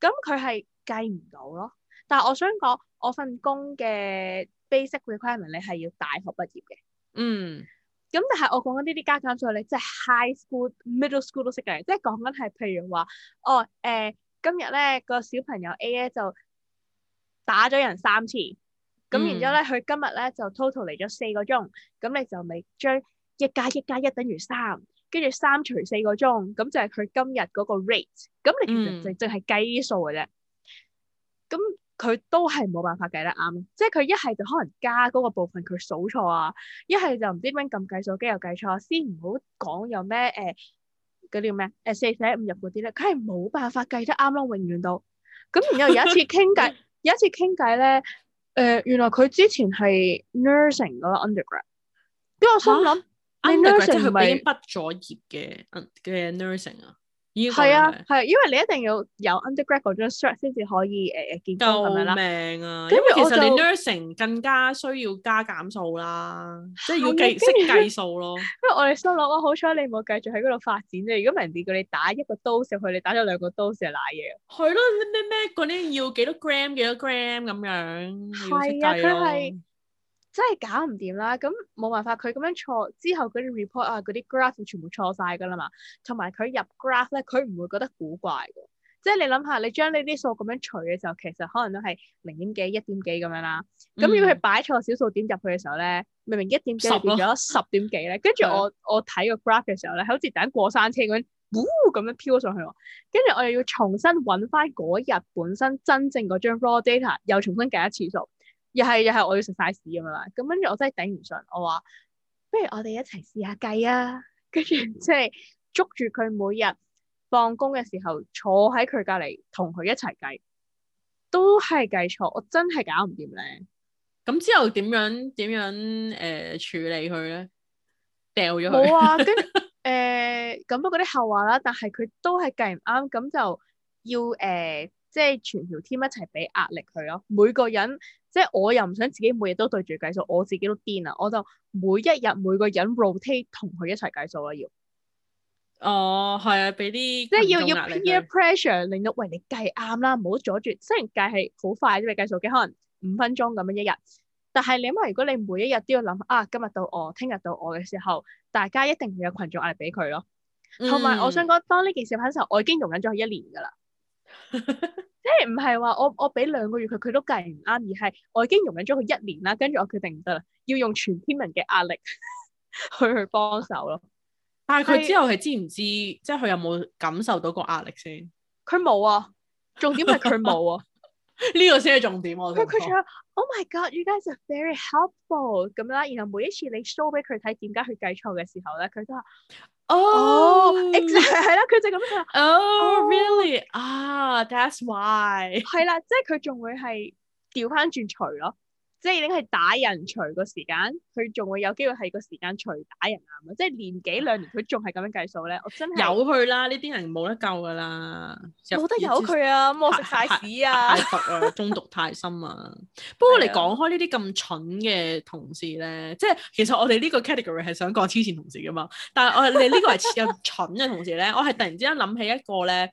咁佢係計唔到咯。但係我想講我份工嘅 basic requirement 你係要大學畢業嘅，嗯，咁但係我講緊呢啲加減數你即係 high school、middle school 都識計，即係講緊係譬如話，哦，誒、呃。呃今日咧、個小朋友 A A 就打咗人三次，咁、嗯、然之後咧佢今日咧就 total 嚟咗四個鐘，咁你就咪追一加一加一等於三，跟住三除四個鐘，咁就係佢今日嗰個 rate。咁你其實淨淨係計數嘅啫，咁佢都係冇辦法計得啱，即係佢一係就可能加嗰個部分佢數錯啊，一係就唔知點樣撳計數機又計錯先，唔好講有咩誒。呃嗰啲咩？誒、嗯、四捨五入嗰啲咧，佢係冇辦法計得啱咯，永遠到。咁然後有一次傾偈， 有一次傾偈咧，誒、呃、原來佢之前係 nursing 噶啦 undergrad。因 Under 為我心諗 u 蛤 n u r s i n g 係咪已經畢咗業嘅，嘅 nursing 啊。係、就是、啊，係、啊，因為你一定要有 undergraduate、er、張證先至可以誒，見工係咪啦？命啊！然後 因為其實你 nursing 就更加需要加減數啦，即係、啊、要計識後計數咯。因為我哋心諗，啊，好彩你冇繼續喺嗰度發展啫。如果唔係，叫你打一個刀上去，你打咗兩個刀成日瀨嘢。係咯，咩咩咩嗰啲要幾多 gram，幾多 gram 咁樣要識計咯。真係搞唔掂啦！咁冇辦法，佢咁樣錯之後嗰啲 report 啊、嗰啲 graph 全部錯晒㗎啦嘛。同埋佢入 graph 咧，佢唔會覺得古怪㗎。即係你諗下，你將呢啲數咁樣除嘅時候，其實可能都係零點幾、一點幾咁樣啦。咁、嗯、如果佢擺錯小數點入去嘅時候咧，明明一點幾變咗十點幾咧，跟住 10 了 我 我睇個 graph 嘅時候咧，好似等緊過山車咁，呼、呃、咁樣飄上去喎。跟住我又要重新揾翻嗰日本身真正嗰張 raw data，又重新計一次數。又係又係，我要食晒屎咁樣啦。咁跟住我真係頂唔順，我話不如我哋一齊試下計啊！跟住即係捉住佢每日放工嘅時候，坐喺佢隔籬同佢一齊計，都係計錯，我真係搞唔掂咧。咁之後點樣點樣誒、呃、處理佢咧？掉咗佢。冇啊，跟誒咁不過啲後話啦，但係佢都係計唔啱，咁就要誒。呃即係全條 team 一齊俾壓力佢咯，每個人即係我又唔想自己每日都對住計數，我自己都癲啦，我就每一日每個人 rotate 同佢一齊計數啦要。哦，係啊，俾啲即係要要 peer pressure，令到喂你計啱啦，唔好阻住。雖然計係好快啲，你計數機可能五分鐘咁樣一日，但係你諗下，如果你每一日都要諗啊，今日到我，聽日到我嘅時候，大家一定要有群眾壓力俾佢咯。同埋、嗯，我想講，當呢件事發生時候，我已經容忍咗佢一年噶啦。 即係唔係話我我俾兩個月佢佢都計唔啱，而係我已經容忍咗佢一年啦，跟住我決定唔得啦，要用全天文嘅壓力去去幫手咯。 但係佢之後係知唔知，是即係佢有冇感受到個壓力先？佢冇啊，重點係佢冇啊。 呢個先係重點，我覺得。佢佢仲話：Oh my God, you guys are very helpful 咁啦。然後每一次你 show 俾佢睇點解佢計錯嘅時候咧，佢都話：哦，exactly 係啦。佢就咁樣佢話：Oh, really? Ah, that's why。係啦，即係佢仲會係調翻轉除咯。即係已經係打人除個時間，佢仲會有機會係個時間除打人啊嘛！即係年幾兩年佢仲係咁樣計數咧，我真係有佢啦！呢啲人冇得救㗎啦，冇得有佢啊！咁我食曬屎啊！太太毒啊！ 中毒太深啊！不過你講開呢啲咁蠢嘅同事咧，即係 其實我哋呢個 category 係想講黐線同事㗎嘛。但係我哋呢個係又蠢嘅同事咧， 我係突然之間諗起一個咧，誒、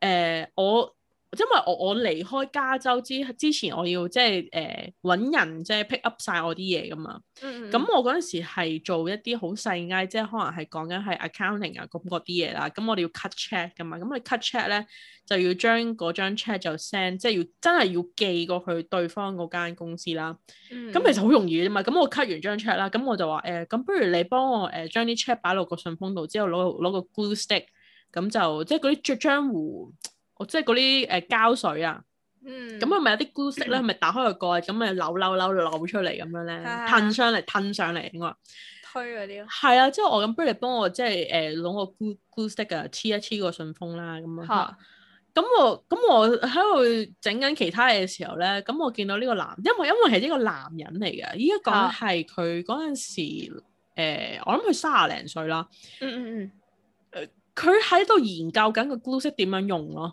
呃、我。因為我我離開加州之之前，我要即係誒揾人即係 pick up 晒我啲嘢噶嘛。咁、mm hmm. 我嗰陣時係做一啲好細嘅，即係可能係講緊係 accounting 啊咁嗰啲嘢啦。咁我哋要 cut check 噶嘛。咁你 cut check 咧就要將嗰張 check 就 send，即係要真係要寄過去對方嗰間公司啦。咁、mm hmm. 其實好容易啫嘛。咁我 cut 完張 check 啦，咁我就話誒，咁、欸、不如你幫我誒將啲 check 擺落個信封度，之後攞攞個 glue stick，咁就即係嗰啲漿糊，即係嗰啲誒膠水啊，嗯，咁佢咪有啲 glue stick 咧？咪打開個蓋，咁咪扭扭扭扭出嚟咁樣咧，褪上嚟褪上嚟應該推嗰啲咯，係啊，之後我咁，不如你幫我即係誒攞個 glue stick 啊，黐一黐個信封啦咁啊，咁我咁我喺度整緊其他嘅時候咧，咁我見到呢個男，因為因為係呢個男人嚟嘅，依家講係佢嗰陣時、呃、我諗佢三廿零歲啦，嗯嗯佢喺度研究緊個 glue stick 點樣用咯。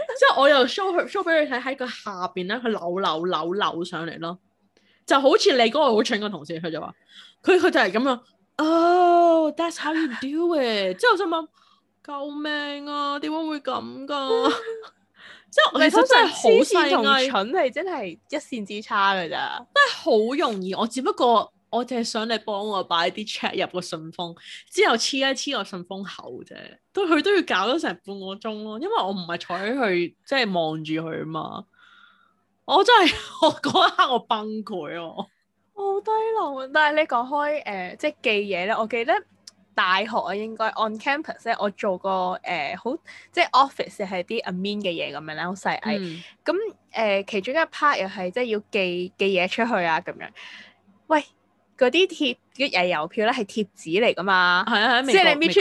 之後我又 show 佢 show 俾佢睇喺佢下邊咧，佢扭扭扭扭上嚟咯，就好似你嗰個好蠢嘅同事，佢就話佢佢就係咁樣。哦、oh, that's how you do it！之後我心諗，救命啊，點解會咁噶？之後 其實真係痴線同蠢係真係一線之差嘅咋，真係好容易。我只不過。我淨係想你幫我擺啲 check 入個信封，之後黐一黐個信封口啫。都佢都要搞咗成半個鐘咯，因為我唔係坐喺佢，即係望住佢啊嘛。我真係我嗰一刻我崩潰哦，好低能。但係你講開誒、呃，即係寄嘢咧，我記得大學啊應該 on campus 咧，我做個誒好即係 office 係啲 amen 嘅嘢咁樣啦，好細藝。咁誒、嗯呃、其中一 part 又係即係要寄寄嘢出去啊咁樣，喂。嗰啲貼嘅郵郵票咧係貼紙嚟噶嘛， 即係你搣出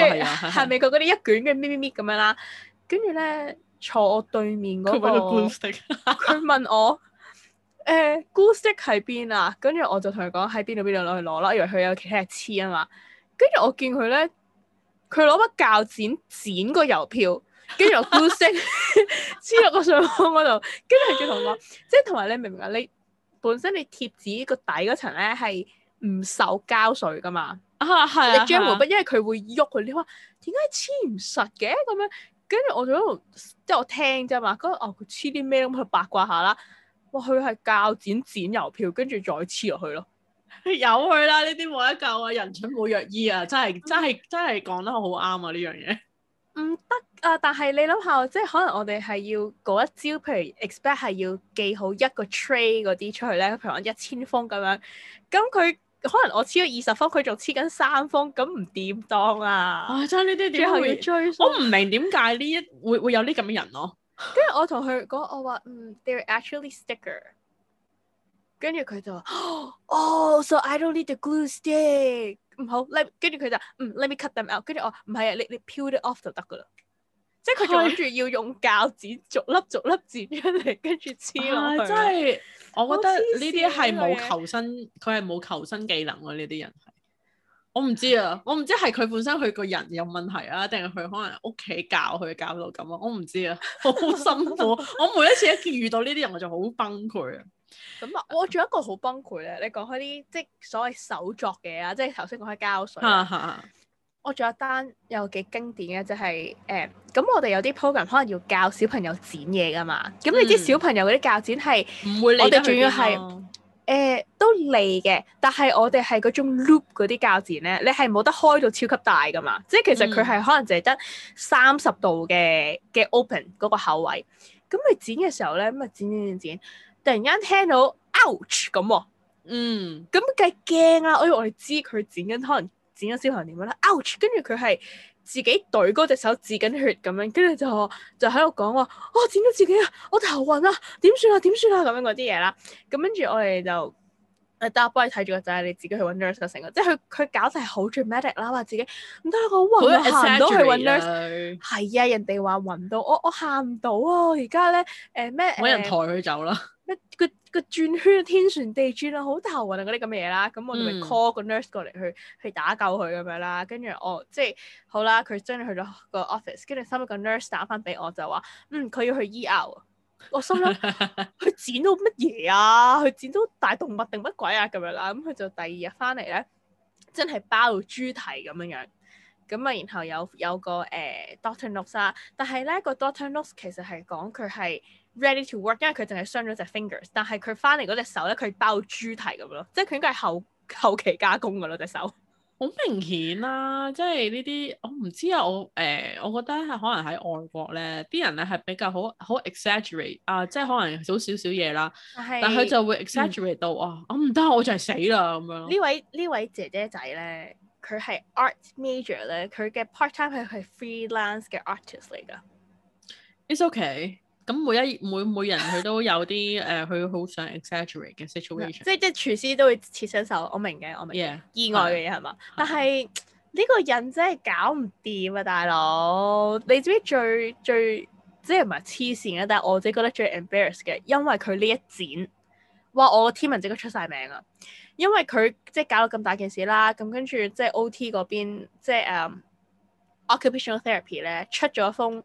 係 美國嗰啲 一卷，跟住搣搣搣咁樣啦，跟住咧坐我對面嗰、嗰個，佢 問我誒 glue stick 喺邊啊？跟住我就同佢講喺邊度邊度攞去攞啦，以為佢有其他嘢黐啊嘛。跟住我見佢咧，佢攞把鉸剪剪個郵票， 跟住我 glue stick 黐落個相框嗰度，跟住佢同我講即係同埋你明唔明啊？你本身你貼紙個底嗰層咧係。唔受膠水㗎嘛？啊，係啊，即係鉛筆，因為佢會喐佢。你話點解黐唔實嘅咁樣？跟住我就喺度，即係我聽啫嘛。咁哦，佢黐啲咩咁？佢八卦下啦。哇，佢係教剪剪郵票，跟住再黐落去咯。有去啦，呢啲冇得教啊！人蠢冇藥醫啊！真係真係、嗯、真係講得好啱啊！呢樣嘢唔得啊！但係你諗下，即係可能我哋係要嗰一招，譬如 expect 係要寄好一個 tray 嗰啲出去咧，譬如講一千封咁樣，咁佢。可能我黐咗二十方，佢仲黐緊三方，咁唔掂當啊！呢啲、啊、最後要追數、啊，我唔明點解呢一會會有呢咁嘅人咯。跟住我同佢、mm, 講，我話嗯，they're actually sticker。跟住佢就話：哦、oh，so I don't need the glue stick。唔好 let 跟住佢就嗯、mm，let me cut them out。跟住我，唔係啊，你你 pull it off 就得㗎喇。即係佢仲諗住要用鉸剪是逐粒逐粒剪出嚟，跟住黐落去。啊真我覺得呢啲係冇求生，佢係冇求生技能咯。呢啲人，係我唔知啊，我唔知係佢本身佢個人有問題啊，定係佢可能屋企教佢搞到咁啊？我唔知啊，好辛苦。 我每一次一見遇到呢啲人，我就好崩潰啊。咁啊，我仲有一個好崩潰咧。你講開啲即係所謂手作嘅啊，即係頭先講開膠水 我仲有單有幾經典嘅，就係誒咁，呃、我哋有啲 program, 可能要教小朋友剪嘢噶嘛。咁、嗯、你啲小朋友嗰啲鉸剪係唔會利、啊、我哋仲要係誒都利嘅，但係我哋係嗰種 loop 嗰啲鉸剪咧，你係冇得開到超級大噶嘛。即、就、係、是、其實佢係可能就係得三十度嘅嘅 open 嗰個口位。咁你、嗯、剪嘅時候咧，咁啊剪剪剪剪，突然間聽到 ouch 咁喎、啊，嗯，咁梗係驚我以為，我哋知佢剪緊可能。剪咗消防鏈咁啦，ouch！跟住佢係自己懟嗰隻手指，攪緊血咁樣，跟住就就喺度講話，我、哦、剪咗自己啊，我頭暈啊，點算啊，點算啊咁樣嗰啲嘢啦。咁跟住我哋就得、呃、我幫你睇住個仔，就係你自己去揾 nurse 就成個，即係佢佢搞晒係好 dramatic 啦，話自己唔得啦，我暈，我行唔到去揾 nurse。係 啊，人哋話暈到，我我行唔到啊、哦，而家咧誒咩揾人抬佢走啦。 個個轉圈天旋地轉啊，好頭暈啊嗰啲咁嘅嘢啦，咁、嗯嗯、我哋咪 call 個 nurse 過嚟去去打救佢咁樣啦，跟住我即係好啦，佢終你去到個 office，跟住收一個 nurse 打翻俾我就話，嗯，佢要去 e o 我心諗佢剪到乜嘢啊，佢 剪到大動物定乜鬼啊咁樣啦，咁、嗯、佢就第二日翻嚟咧，真係包到豬蹄咁樣樣，咁啊然後有有個誒、呃、doctor nurse，但係咧、這個 doctor nurse 其實係講佢係。Ready to work，因為佢淨係傷咗隻 fingers，但係佢翻嚟嗰隻手咧，佢包豬蹄咁咯，即係佢應該係後後期加工㗎咯隻手。好明顯啦、啊，即係呢啲我唔知啊。我誒、呃，我覺得係可能喺外國咧，啲人咧係比較好好 exaggerate 啊，即係可能少少少嘢啦，但係佢就會 exaggerate 到啊！我唔得，我就係死啦咁樣。呢位呢位姐姐仔咧，佢係 art major 咧，佢嘅 part time 係佢 freelance 嘅 artist 嚟㗎。It's okay. 咁每一每每人佢都有啲誒，佢好、 呃、想 exaggerate 嘅 situation，即係即係廚師都會切傷手。我明嘅，我明 Yeah. 意外嘅嘢係嘛？但係呢 個人真係搞唔掂啊，大佬！你知唔知最最，最即係唔係黐線啊，但係我自己覺得最 embarrass 嘅，因為佢呢一剪，哇！我個 team 即刻出晒名啊！因為佢即係搞到咁大件事啦。咁跟住即係 OT 嗰邊即係誒、um, occupational therapy 咧出咗一封。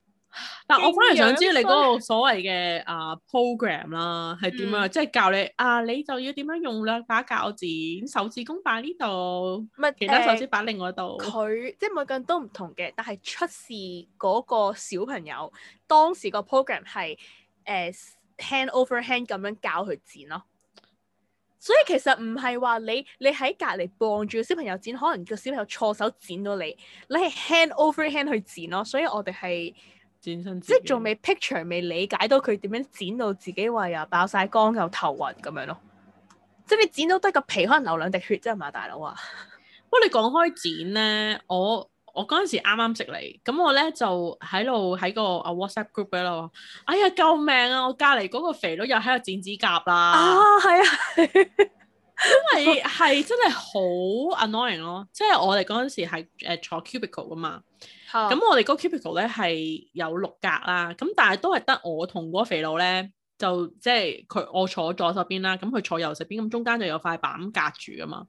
但我反而想知你嗰個所謂嘅啊 program 啦，係點啊？即係教你啊，你就要點樣用兩把鉸剪，手指公擺呢度，唔係但其他手指擺另外度。佢、呃、即係每個人都唔同嘅，但係出事嗰個小朋友當時個 program 係誒、uh, hand over hand 咁樣教佢剪咯。所以其實唔係話你你喺隔籬幫住小朋友剪，可能個小朋友錯手剪到你，你係 hand over hand 去剪咯。所以我哋係。即係仲未 picture，未理解到佢點樣剪到自己話又、啊、爆晒光又頭暈咁樣咯。即係你剪到得個皮，可能流兩滴血啫嘛，大佬啊！不過你講開剪咧，我我嗰陣時啱啱識你，咁我咧就喺度喺個啊 WhatsApp group 嗰度話：哎呀救命啊！我隔籬嗰個肥佬又喺度剪指甲啦。啊，係啊， 因為係真係好 annoying 咯。即係我哋嗰陣時係誒坐 cubicle 噶嘛。咁我哋嗰 cubicle 咧係有六格啦，咁但係都係得我同嗰個肥佬咧，就即係佢我坐左手邊啦，咁佢坐右手邊，咁中間就有塊板隔住噶嘛。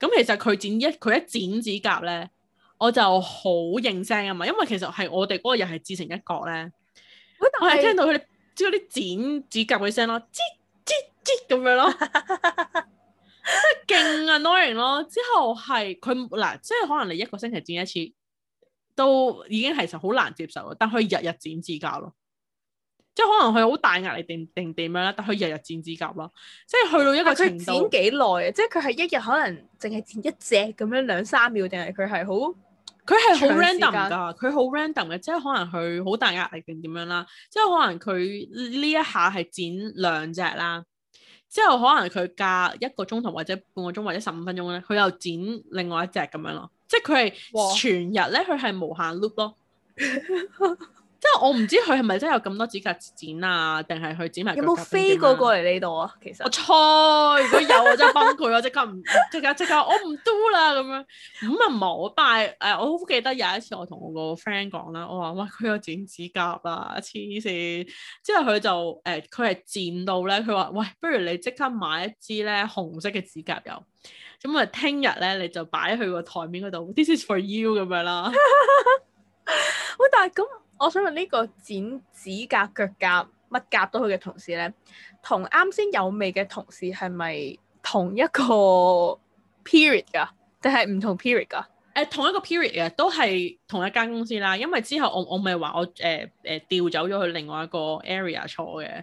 咁其實佢剪一佢一剪指甲咧，我就好應聲啊嘛，因為其實係我哋嗰日係自成一角咧，我係聽到佢哋啲剪指甲嘅聲咯，吱吱吱咁樣咯，即係勁 annoying 咯。之後係佢嗱，即係可能你一個星期剪一次。都已經其實好難接受嘅，但佢日日剪指甲咯，即係可能佢好大壓力定定點樣啦，但佢日日剪指甲咯，即係去到一個程度。佢剪幾耐啊？即係佢係一日可能淨係剪一隻咁樣兩三秒，定係佢係好？佢係好 random 噶，佢好 random 嘅，即係可能佢好大壓力定點樣啦，即係可能佢呢一下係剪兩隻啦，之後可能佢隔一個鐘頭或者半個鐘或者十五分鐘咧，佢又剪另外一隻咁樣咯。即係佢係全日咧，佢係無限 loop 咯。 即係我唔知佢係咪真係有咁多指甲剪啊，定係佢剪埋？有冇飛過過嚟呢度啊？其實我錯，如果有我真幫佢，我即 刻唔即刻即刻，刻，我唔 do 啦咁樣。咁啊冇！好，但係誒，我好記得有一次我同我個 friend 講啦，我話喂佢有剪指甲啦黐線。之後佢就誒佢係剪到咧，佢話喂，不如你即刻買一支咧紅色嘅指甲油，咁啊聽日咧你就擺去佢個台面嗰度，this is for you 咁樣啦。喂， 但係咁。我想問呢個剪指甲腳甲乜甲都佢嘅同事咧，同啱先有味嘅同事係咪同一個 period 噶，定係唔同 period 噶？誒同一個 period 嘅，都係同一間公司啦。因為之後我我唔係話我誒誒、呃呃、調走咗去另外一個 area 坐嘅，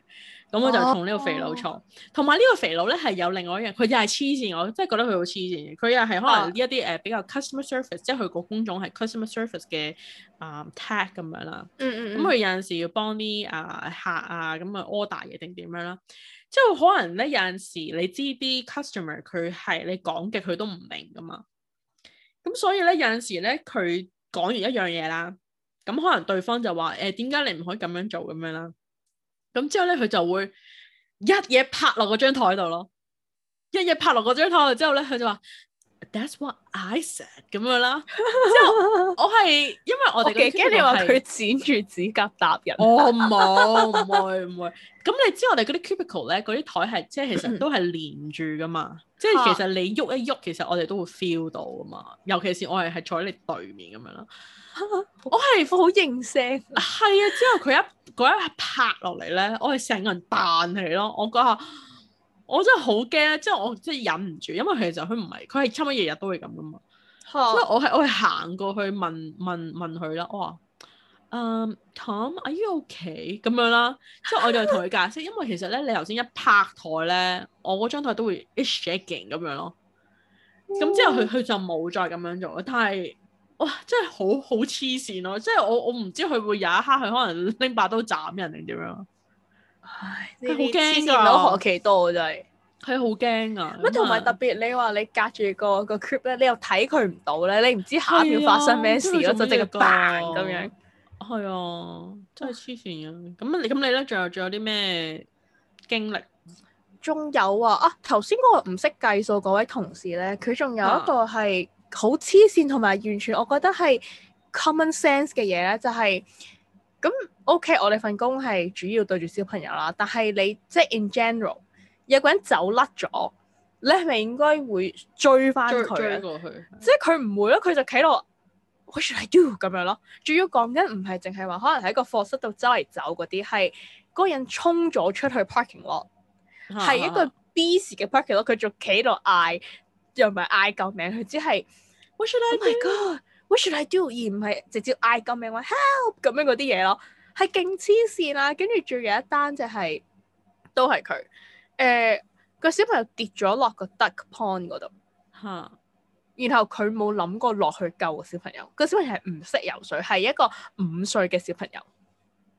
咁我就同呢個肥佬坐。同埋呢個肥佬咧係有另外一樣，佢又係黐線，我真係覺得佢好黐線。佢又係可能呢一啲誒比較 customer service，即係佢個工種係 customer service 嘅啊 tag 咁樣啦。嗯咁佢有陣時要幫啲啊客啊咁啊 order 嘢定點樣啦，即係可能咧有陣時你知啲 customer 佢係你講嘅佢都唔明噶嘛。咁所以咧，有陣時咧，佢講完一樣嘢啦，咁、嗯、可能對方就話，誒點解你唔可以咁樣做咁樣啦？咁、嗯、之後咧，佢就會一嘢拍落嗰張台度咯，一嘢拍落嗰張台度之後咧，佢就話。That's what I said 咁樣啦。之後我係因為我哋， 嘅驚你話佢剪住指甲搭人。我冇、 哦，唔會唔會。咁你知我哋嗰啲 cubicle 咧，嗰啲台係即係其實都係連住噶嘛。即係 其實你喐一喐，其實我哋都會 feel 到噶嘛。尤其是我係係坐喺你對面咁樣啦。 我係好認聲。係 啊，之後佢一嗰一下拍落嚟咧，我係成個人彈起咯。我嗰下。我真係好驚，即係我即係忍唔住，因為其實佢唔係，佢係差唔多日日都會咁噶嘛。所以我係我係行過去問問問佢啦，我話：嗯，Tom，are you OK 咁樣啦。即係我就同佢解釋，因為其實咧，你頭先一拍台咧，我嗰張台都會 hacking 咁樣咯。咁之後佢佢就冇再咁樣做，但係哇，真係好好黐線咯！即係我我唔知佢會有一刻佢可能拎把刀斬人定點樣。唉，佢好驚啊！黐線佬何其多，真係佢好驚啊！乜同埋特別你話你隔住個個 clip 咧，你又睇佢唔到咧，你唔知下一秒發生咩事咯，啊、就即刻爆咁樣。係啊，真係黐線啊！咁你咁你咧，仲有仲有啲咩經歷？仲有啊，啊頭先嗰個唔識計數嗰位同事咧，佢仲有一個係好黐線，同埋完全我覺得係 common sense 嘅嘢咧，就係、是。咁 OK，我哋份工係主要對住小朋友啦，但係你即係 in general 有個人走甩咗，你係咪應該會追翻佢啊？追追過去，即係佢唔會咯，佢就企落。What should I do？咁樣咯，主要講緊唔係淨係話可能喺個課室度周圍走嗰啲，係嗰個人衝咗出去 parking lot，係 一個 B 時嘅 parking lot，佢仲企度嗌，又唔係嗌救命，佢只係。What should I、oh、my god！ What should I do？而唔係直接嗌救命或 help 咁樣嗰啲嘢咯，係勁黐線啦。跟住仲有一單就係、是、都係佢，誒、呃、個小朋友跌咗落個 duck pond 嗰度，嚇。Huh. 然後佢冇諗過落去救個小朋友，個小朋友係唔識游水，係一個五歲嘅小朋友。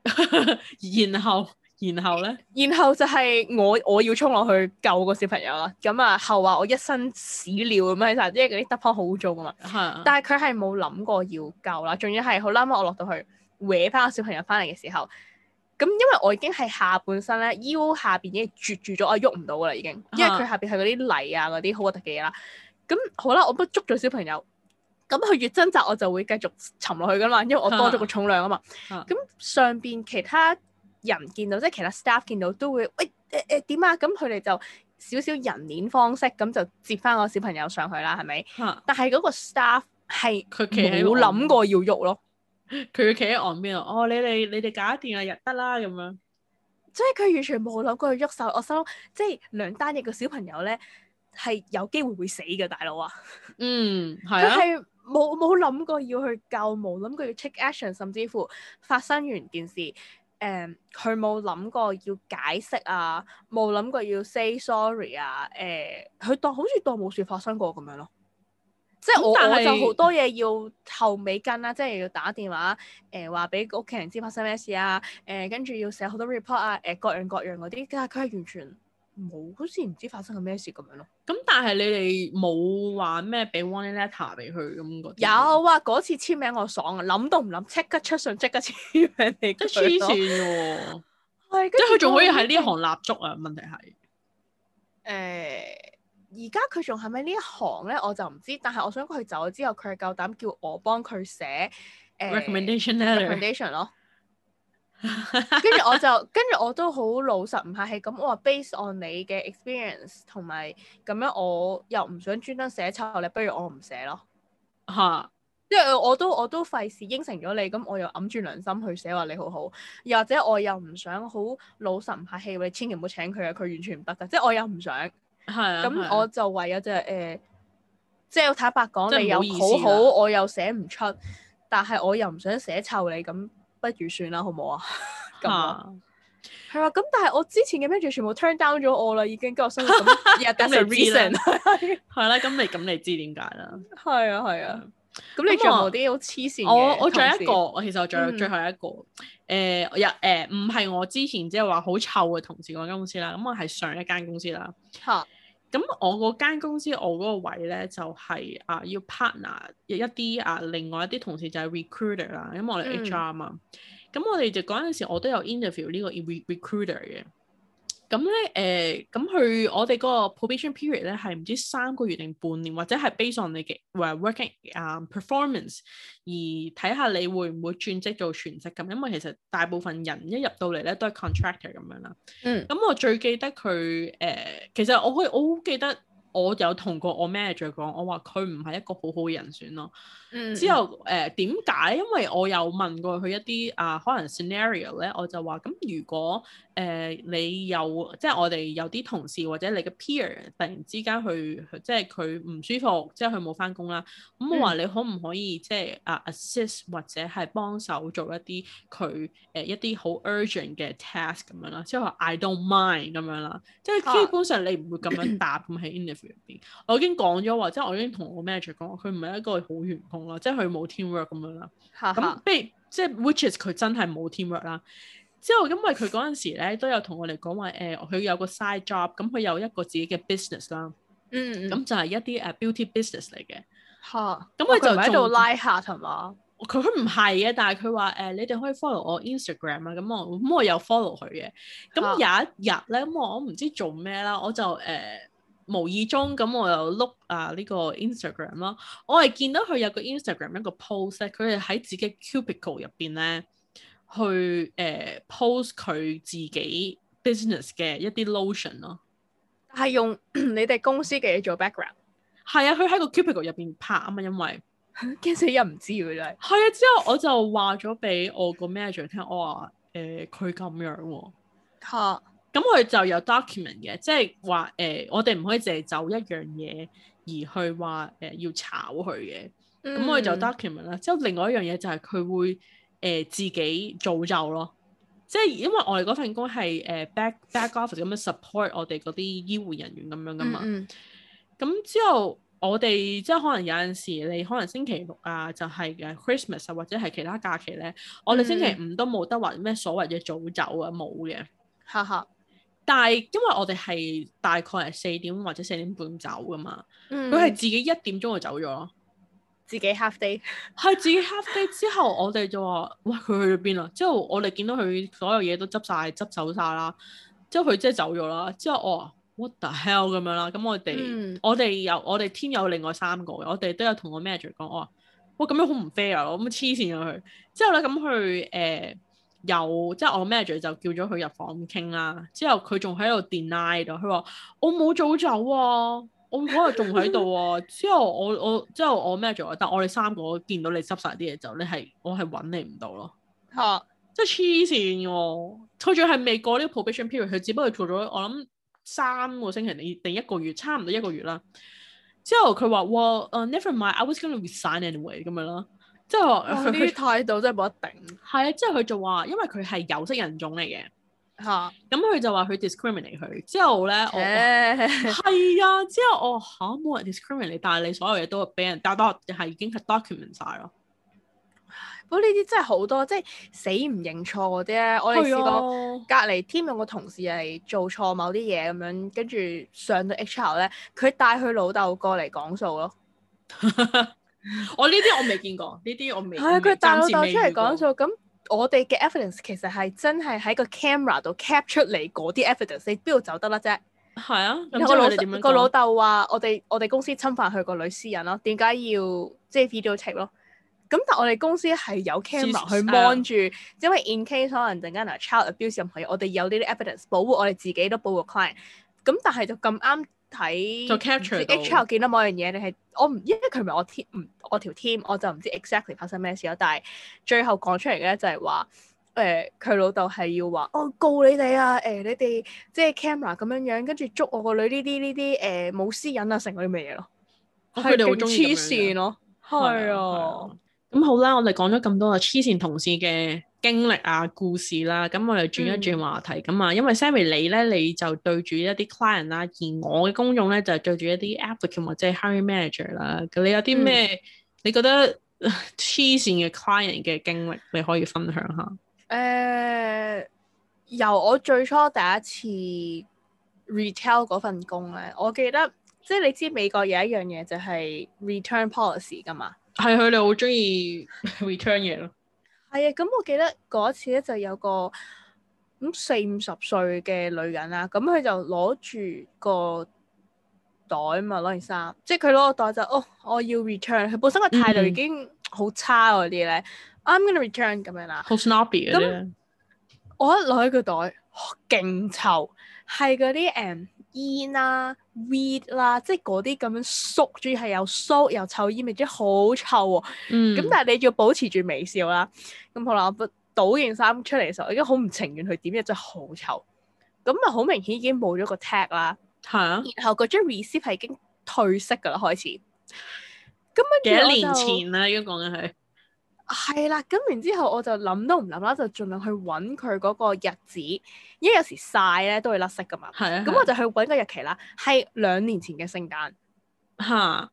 然後。然後咧，然後就係我我要衝落去救個小朋友啦。咁、嗯、啊，後話我一身屎尿咁樣曬，因為嗰啲 double 好污糟㗎嘛。但係佢係冇諗過要救啦。仲要係好啦，我落到去搲翻個小朋友翻嚟嘅時候，咁、嗯、因為我已經係下半身咧，腰下邊已經絕住咗，我喐唔到噶啦，已經了了， 因為佢下邊係嗰啲泥啊，嗰啲、嗯、好核突嘅嘢啦。咁好啦，我都捉咗小朋友，咁、嗯、佢越掙扎我就會繼續沉落去噶嘛，因為我多咗個重量啊嘛。咁 上邊其他。人見到，即係其他 staff 見到，都會喂，誒誒，點啊？咁佢哋就少少人鏈方式，咁就接翻個小朋友上去啦係咪？但係嗰個 staff 係佢其實冇諗過要喐咯，佢企喺岸邊啊！哦，你哋你哋，搞掂啊，入得啦咁樣，即係佢完全冇諗過要喐手。我心即係梁丹嘢個小朋友咧，係有機會會死嘅，大佬，嗯、啊！嗯， 係啊，佢係冇冇諗過要去救，冇諗過要 take action，甚至乎發生完件事。誒，佢冇諗過要解釋啊，冇諗過要 say sorry 啊。誒、呃，佢當好似當冇事發生過咁樣咯。即係我但係就好多嘢要後尾跟啦，啊，嗯、即係要打電話誒話俾屋企人知發生咩事啊。誒、呃，跟住要寫好多 report 啊。誒、呃，各樣各樣嗰啲，但係佢係完全。冇，好似唔知發生緊咩事咁樣咯。咁但係你哋冇話咩俾 warning letter 俾佢咁嗰啲。有啊，嗰次簽名我爽啊，諗都唔諗，即刻出信，即刻簽名俾佢。黐線喎，即係佢仲可以喺呢行立足啊？問題係，誒而家佢仲係咪呢一行咧，我就唔知。但係我想佢走咗之後，佢係夠膽叫我幫佢寫、呃、recommendation, letter. recommendation 咯。跟住 我就跟住我都好老實唔客氣，咁我話 based on 你嘅 experience 同埋咁樣，我又唔想專登寫臭你，不如我唔寫咯。吓， 即係我都我都費事應承咗你，咁我又揞住良心去寫話你好好，又或者我又唔想好老實唔客氣，你千祈唔好請佢啊，佢完全唔得㗎，即係我又唔想。係啊。咁我就唯有就係誒，即係我坦白講你又好好，我又寫唔出，但係我又唔想寫臭你咁。不如算啦，好唔好啊？咁係啊，咁但係我之前嘅 manager 全部 turn down 咗我啦，已經跟住我生活。y e reason。係啦，咁你咁你知點解啦？係啊，係啊。咁、right. 你仲有啲好黐線嘅同事？我我仲有一個，我其實我仲有最後一個，誒、呃，有、呃、誒，唔、呃、係、呃呃呃、我之前即係話好臭嘅同事嗰間公司啦，咁我係、嗯嗯、上一間公司啦。咁我嗰間公司，我嗰個位咧就係、是、啊，要 partner 一啲啊，另外一啲同事就係 recruiter 啦，因為我哋 HR 啊嘛，咁、嗯、我哋就嗰陣時我都有 interview 呢個 recruiter 嘅。咁咧，誒，咁、呃、佢我哋嗰個 probation period 咧，係唔知三個月定半年，或者係 based on 你嘅 working performance 而睇下你會唔會轉職做全職咁，因為其實大部分人一入到嚟咧都係 contractor 咁樣啦。嗯，咁我最記得佢誒、呃，其實我我好記得我有同過我 manager 講，我話佢唔係一個好好嘅人選咯。嗯、之後誒點解？因為我有問過佢一啲啊、呃，可能 scenario 咧，我就話咁如果誒、呃、你有即係我哋有啲同事或者你嘅 peer 突然之間去即係佢唔舒服，即係佢冇翻工，啦，咁、嗯、我話你可唔可以即係啊、呃、assist 或者係幫手做一啲佢誒一啲好 urgent 嘅 task 咁樣啦，即係話 I don't mind 咁樣啦，即係基本上你唔會咁樣答咁，喺、啊、interview 入邊，我已經講咗話即係我已經同我 manager 講，佢唔係一個好員工。即係佢冇 teamwork 咁樣啦，咁譬如即係 which is 佢真係冇 teamwork 啦。之後因為佢嗰陣時咧都有同我哋講話誒，佢、欸、有個 side job，咁佢有一個自己嘅 business 啦。嗯，嗯，咁就係一啲誒、uh, beauty business 嚟嘅。嚇 他、哦，咁佢就喺度拉客係嘛？佢，佢唔係嘅，但係佢話誒，你哋可以 follow 我 Instagram 啊。咁我咁我又 follow 佢嘅。咁 有一日咧，咁我我唔知做咩啦，我就誒。欸無意中咁，我又 look 啊呢、呢個 Instagram 咯，我係見到佢有個 Instagram 一個 post，佢係喺自己 Cubicle 入邊咧，去誒、呃、post 佢自己 business 嘅一啲 lotion c a 咯，係用你哋公司嘅嘢做 background，係啊，佢喺個 Cubicle 入邊拍啊嘛，因為驚 死人唔知佢真係，係啊，之後我就話咗俾我個 manager 聽，我話誒佢咁樣喎、啊，咁佢、嗯、就有 document 嘅，即係話誒，我哋唔可以淨係走一樣嘢而去話誒、呃、要炒佢嘅。咁我就有 document 啦。之後另外一樣嘢就係佢會誒、呃、自己早走咯，即、就、係、是、因為我哋嗰份工係誒、呃、back back office 咁樣 support 我哋嗰啲醫護人員咁樣噶嘛。咁、嗯、之後我哋即係可能有陣時，你可能星期六啊，就係、是、嘅 Christmas 啊，或者係其他假期咧，我哋星期五都冇得話咩所謂嘅早走啊，冇嘅。哈哈、嗯。嗯 但係因為我哋係大概係四點或者四點半走㗎嘛，佢係、嗯、自己一點鐘就走咗，自己 half day，係自己 half day 之，之後我哋就話：哇，佢去咗邊啊？之後我哋見到佢所有嘢都執晒執走晒啦。之後佢即係走咗啦。之後我話：what the hell 咁樣啦？咁我哋我哋有我哋天有另外三個嘅，我哋都有同個 manager 講：我話，哇，咁樣好唔 fair 咯，咁黐線咗佢。之後咧咁佢。誒。有，即係我 manager 就叫咗佢入房咁傾啦。之後佢仲喺度 denied，佢、啊、話我冇早走啊，我嗰日仲喺度啊 之。之後我我之後我 manager，但我哋三個見到你執晒啲嘢，就你係我係揾你唔到咯。嚇、 啊！即係黐線㗎，佢仲係未過呢個 probation period，佢只不過做咗我諗三個星期定定一個月，差唔多一個月啦。之後佢話：，我、well, uh,，never mind，I was going to resign anyway 咁樣啦。即係我，呢啲、啊、他態度真係冇得頂。係啊，即係佢仲話，因為佢係有色人種嚟嘅，嚇咁佢就話佢 discriminate 佢。之後咧，啊、我係啊，之後我吓，冇、啊、人 discriminate，但係你所有嘢都俾人，但係已經係 document 晒咯。不過呢啲真係好多，即、就、係、是、死唔認錯嗰啲咧。我哋試過隔籬 team 用個同事係做錯某啲嘢咁樣，跟住上到 HR 咧，佢帶佢老豆過嚟講數咯。 我呢啲我未見過，呢啲我未係佢大老豆出嚟講數，咁 我哋嘅 evidence 其實係真係喺個 camera 度 cap 出嚟嗰啲 evidence，你邊度走得啦啫？係啊， 樣個老個老豆話我哋我哋公司侵犯佢個女私隱、就是、咯，點解要即係 video tape 咯？咁但係我哋公司係有 camera 去 mon 住， 因為 in case 可能突然間有 child abuse 咁樣，我哋有呢啲 evidence 保護我哋自己都保護 client，咁但係就咁啱。睇即係 HR 見到某樣嘢，你係我唔因為佢唔係我 team，我條 team，我就唔知 exactly 發生咩事咯。但係最後講出嚟嘅咧就係話，誒佢老豆係要話、哦啊呃呃啊，我告你哋啊！誒你哋即係 camera 咁樣樣，跟住捉我個女呢啲呢啲誒冇私隱啊，成嗰啲咩嘢咯？佢哋好鍾意黐線咯，係啊。咁好啦，我哋講咗咁多啊，黐線同事嘅。經歷啊故事啦，咁我哋轉一轉話題咁啊，嗯、因為 Sammy 你咧，你就對住一啲 client 啦，而我嘅公眾咧就對住一啲 applicant 或者 hiring manager 啦，你有啲咩、嗯、你覺得黐線嘅 client 嘅經歷，經歷你可以分享下？誒、呃，由我最初第一次 retail 嗰份工咧，我記得即係你知美國有一樣嘢就係 return policy 噶嘛，係佢哋好中意 return 嘢咯。係啊，咁我記得嗰次咧就有個咁四五十歲嘅女人啦，咁佢就攞住個袋啊嘛，攞件衫，即係佢攞個袋就哦，我要 return，佢本身個態度已經好差嗰啲咧，I'm gonna return 咁樣啦，好 snobby 咁，我一攞起個袋，勁、哦、臭，係嗰啲誒。煙啦、weed、啊、啦、啊，即係嗰啲咁樣燻，仲要係又縮又臭煙味，即係好臭喎、啊。咁、嗯、但係你要保持住微笑啦。咁好啦，我倒件衫出嚟嘅時候，我已經好唔情願去點，因為真係好臭。咁啊，好明顯已經冇咗個 tag 啦。係、啊、然後嗰張 receipt 係已經褪色㗎啦，開始。幾多年前啦，應該講緊係。係啦，咁然之後我就諗都唔諗啦，就盡量去揾佢嗰個日子，因為有時晒咧都會甩色噶嘛。係啊，咁我就去揾個日期啦，係兩年前嘅聖誕。嚇哈！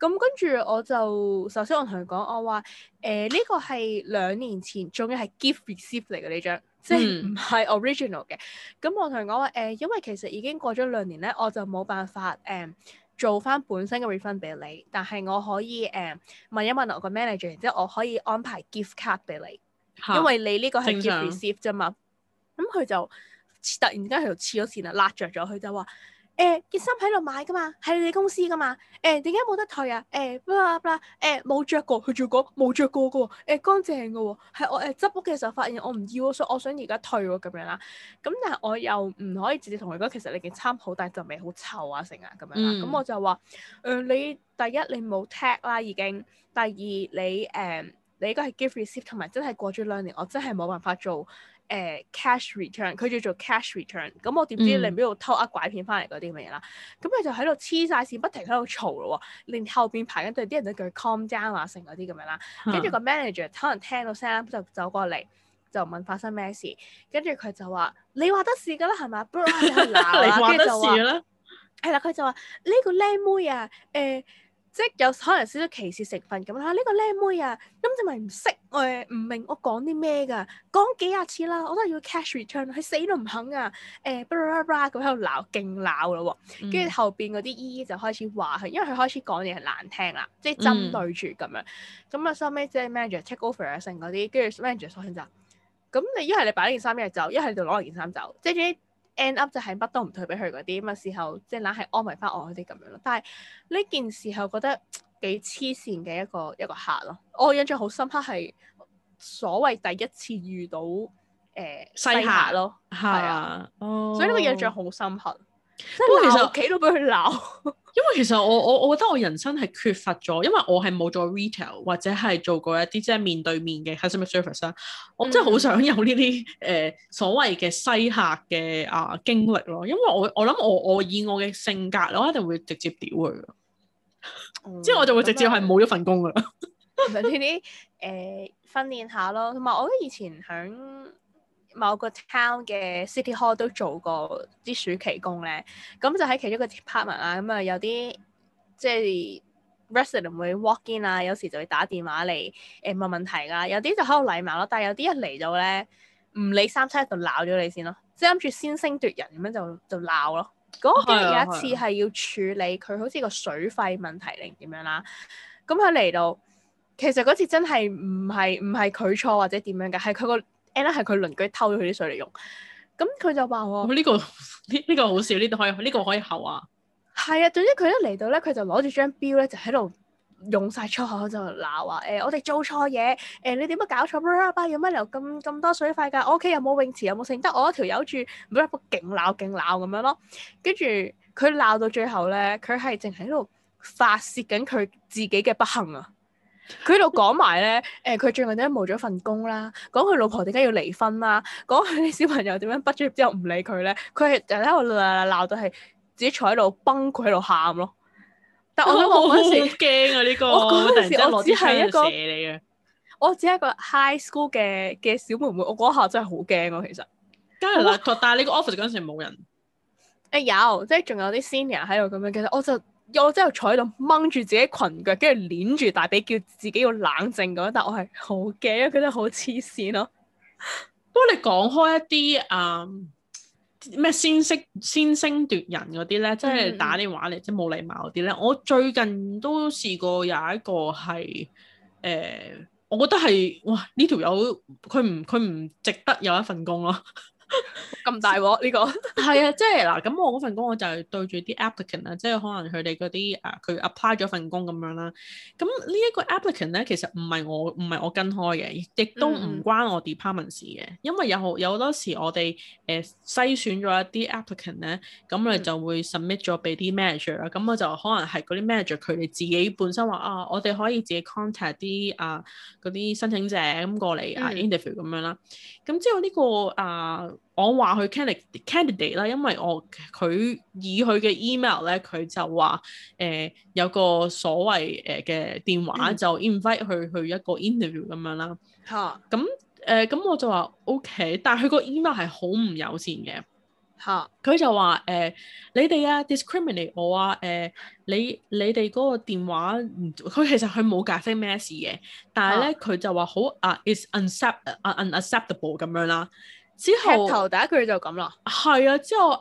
咁跟住我就首先我同佢講，我話誒，呢個係兩年前，仲要係 gift receipt 嚟嘅呢張，嗯、即係唔係 original 嘅。咁我同佢講話誒，因為其實已經過咗兩年咧，我就冇辦法誒。呃做翻本身嘅 refund 俾你，但係我可以誒、呃、問一問我個 manager，然之後我可以安排 gift card 俾你，哈因為你呢個係 gift receipt 啫嘛常。咁佢、嗯、就突然間佢就黐咗線啦，辣着咗佢就話。誒件衫喺度買噶嘛，喺你公司噶嘛。誒點解冇得退啊？誒卜啦卜啦。冇着、欸、過，佢仲講冇着過嘅喎。誒、欸、乾淨嘅喎、哦，係我誒執、欸、屋嘅時候發現我唔要所以我想而家退喎、啊、咁樣啦。咁但係我又唔可以直接同佢講，其實你件衫好大陣味好臭啊，成啊咁樣啦。咁、嗯、我就話誒、呃、你第一你冇 tag 啦已經，第二你誒。Um, 你應該係 give receive 同埋真係過咗兩年，我真係冇辦法做誒、呃、cash return，佢要做 cash return 偷偷、啊。咁我點知你唔喺度偷呃拐騙翻嚟嗰啲咁嘅嘢啦？咁佢就喺度黐晒線，不停喺度嘈咯喎，連後邊排緊隊啲人都叫佢 calm down 啊，成嗰啲咁樣啦。跟住個 manager 可能聽到聲啦，就走過嚟就問發生咩事，跟住佢就話：你話得事噶啦，係嘛？ 你話得事啦。係啦，佢 就話呢、呢個靚妹妹啊，誒、呃。即係有可能有少少歧視成分咁啊！呢個靚妹啊，咁你咪唔識誒？唔明我講啲咩㗎？講幾廿次啦，我都係要 cash return，佢死都唔肯啊！誒、欸，布拉布拉咁喺度鬧，勁鬧咯喎！跟住、嗯、後邊嗰啲姨姨就開始話佢，因為佢開始講嘢係難聽啦，即係針對住咁樣。咁啊，收尾即係 manager take over 啊，剩嗰啲，跟住 manager 所以就咁你一係你擺呢件衫一日走，一係就攞件衫走，即係 end up 就係乜都唔退俾佢嗰啲，咁啊，事後即係懶係安慰翻我啲咁樣咯。但係呢件事我覺得幾黐線嘅一個一個客咯。我印象好深刻係所謂第一次遇到誒、呃、西客夏咯，係夏啊，哦、所以呢個印象好深刻。不過其實屋企都俾佢鬧，裡 因為其實我我我覺得我人生係缺乏咗，因為我係冇做 retail 或者係做過一啲即係面對面嘅 customer service 啊，嗯、我真係好想有呢啲誒所謂嘅西客嘅啊經歷咯，因為我我諗我我以我嘅性格，我一定會直接屌佢，即、嗯、之後我就會直接係冇咗份工噶啦。呢啲誒訓練下咯，同埋我喺以前響。某個 town 嘅 city hall 都做過啲暑期工咧，咁就喺其中一個 department 啊，咁啊有啲即係 resident 會 walk in 啊，有時就會打電話嚟誒問問題啦，有啲就喺度禮貌咯，但係有啲一嚟到咧唔理三七度鬧咗你先咯，即係諗住先聲奪人咁樣就就鬧咯。嗰 有一次係要處理佢好似個水費問題定點樣啦，咁佢嚟到其實嗰次真係唔係唔係佢錯或者點樣㗎，係佢個。And 係佢鄰居偷咗佢啲水嚟用，咁佢就話：呢個呢，呢個好笑，呢啲可以呢個可以後啊。係啊，總之佢一嚟到咧，佢 就攞住張錶咧，就喺度用晒粗口，就鬧話誒我哋做錯嘢，誒、欸、你點解搞錯，有知乜由咁咁多水費㗎。我屋企有冇泳池有冇剩？得我一條友住，唔知乜勁鬧勁鬧咁樣咯。跟住佢鬧到最後咧，佢係淨係喺度發泄緊佢自己嘅不幸啊。佢喺度講埋咧，誒，佢最近點解冇咗份工啦？講佢老婆點解要離婚啦？講佢啲小朋友點樣畢咗業之後唔理佢咧？佢係就喺度鬧到係自己坐喺度崩潰喺度喊咯。但我諗、哦哦哦哦哦、我嗰陣時好驚啊呢、呢個，我嗰陣時我只係一個，我只係一個 high school 嘅嘅小妹妹，我嗰下真係好驚啊，其實。梗係啦，哦、但係你個 office 嗰陣時冇人 欸。誒有，即係仲有啲 senior 喺度咁樣，其實我就。我就我真係坐喺度掹住自己裙腳，跟住捏住大髀，叫自己要冷靜咁。但我係好驚，覺得好黐線咯。 不過你講開一啲嗯咩先識先聲奪人嗰啲咧，即係打電話嚟即係冇禮貌嗰啲咧，嗯、我最近都試過有一個係誒、呃，我覺得係哇呢條友佢唔佢唔值得有一份工咯。咁 大鑊呢、呢個係啊， 即係嗱，咁我嗰份工我就對住啲 applicant 啊，即係可能佢哋嗰啲啊，佢 apply 咗份工咁樣啦。咁呢一個 applicant 咧，其實唔係我唔係我跟開嘅，亦都唔關我 department 事嘅。因為有有好多時我哋誒篩選咗一啲 applicant 咧，咁、呃、我就會 submit 咗俾啲 manager 啦。咁我就可能係嗰啲 manager 佢哋自己本身話啊，我哋可以自己 contact 啲啊嗰啲、呃、申請者咁過嚟啊 interview 咁樣啦。咁之後呢個啊。課課我話佢 candidate 啦，因為我佢以佢嘅 email 咧，佢就話誒、呃、有個所謂誒嘅、呃、電話就 invite 佢去一個 interview 咁樣啦。嚇、嗯！咁誒咁我就話 OK，但係佢個 email 係好唔友善嘅。嚇、嗯！佢就話誒、呃、你哋啊 discriminate 我啊誒、呃、你你哋嗰個電話佢其實佢冇格式 m e s s 嘅，但係咧佢就話好啊 is u n c e p t 啊 unacceptable 咁、uh, 樣啦。之後頭第一句就咁啦，係啊，之後誒、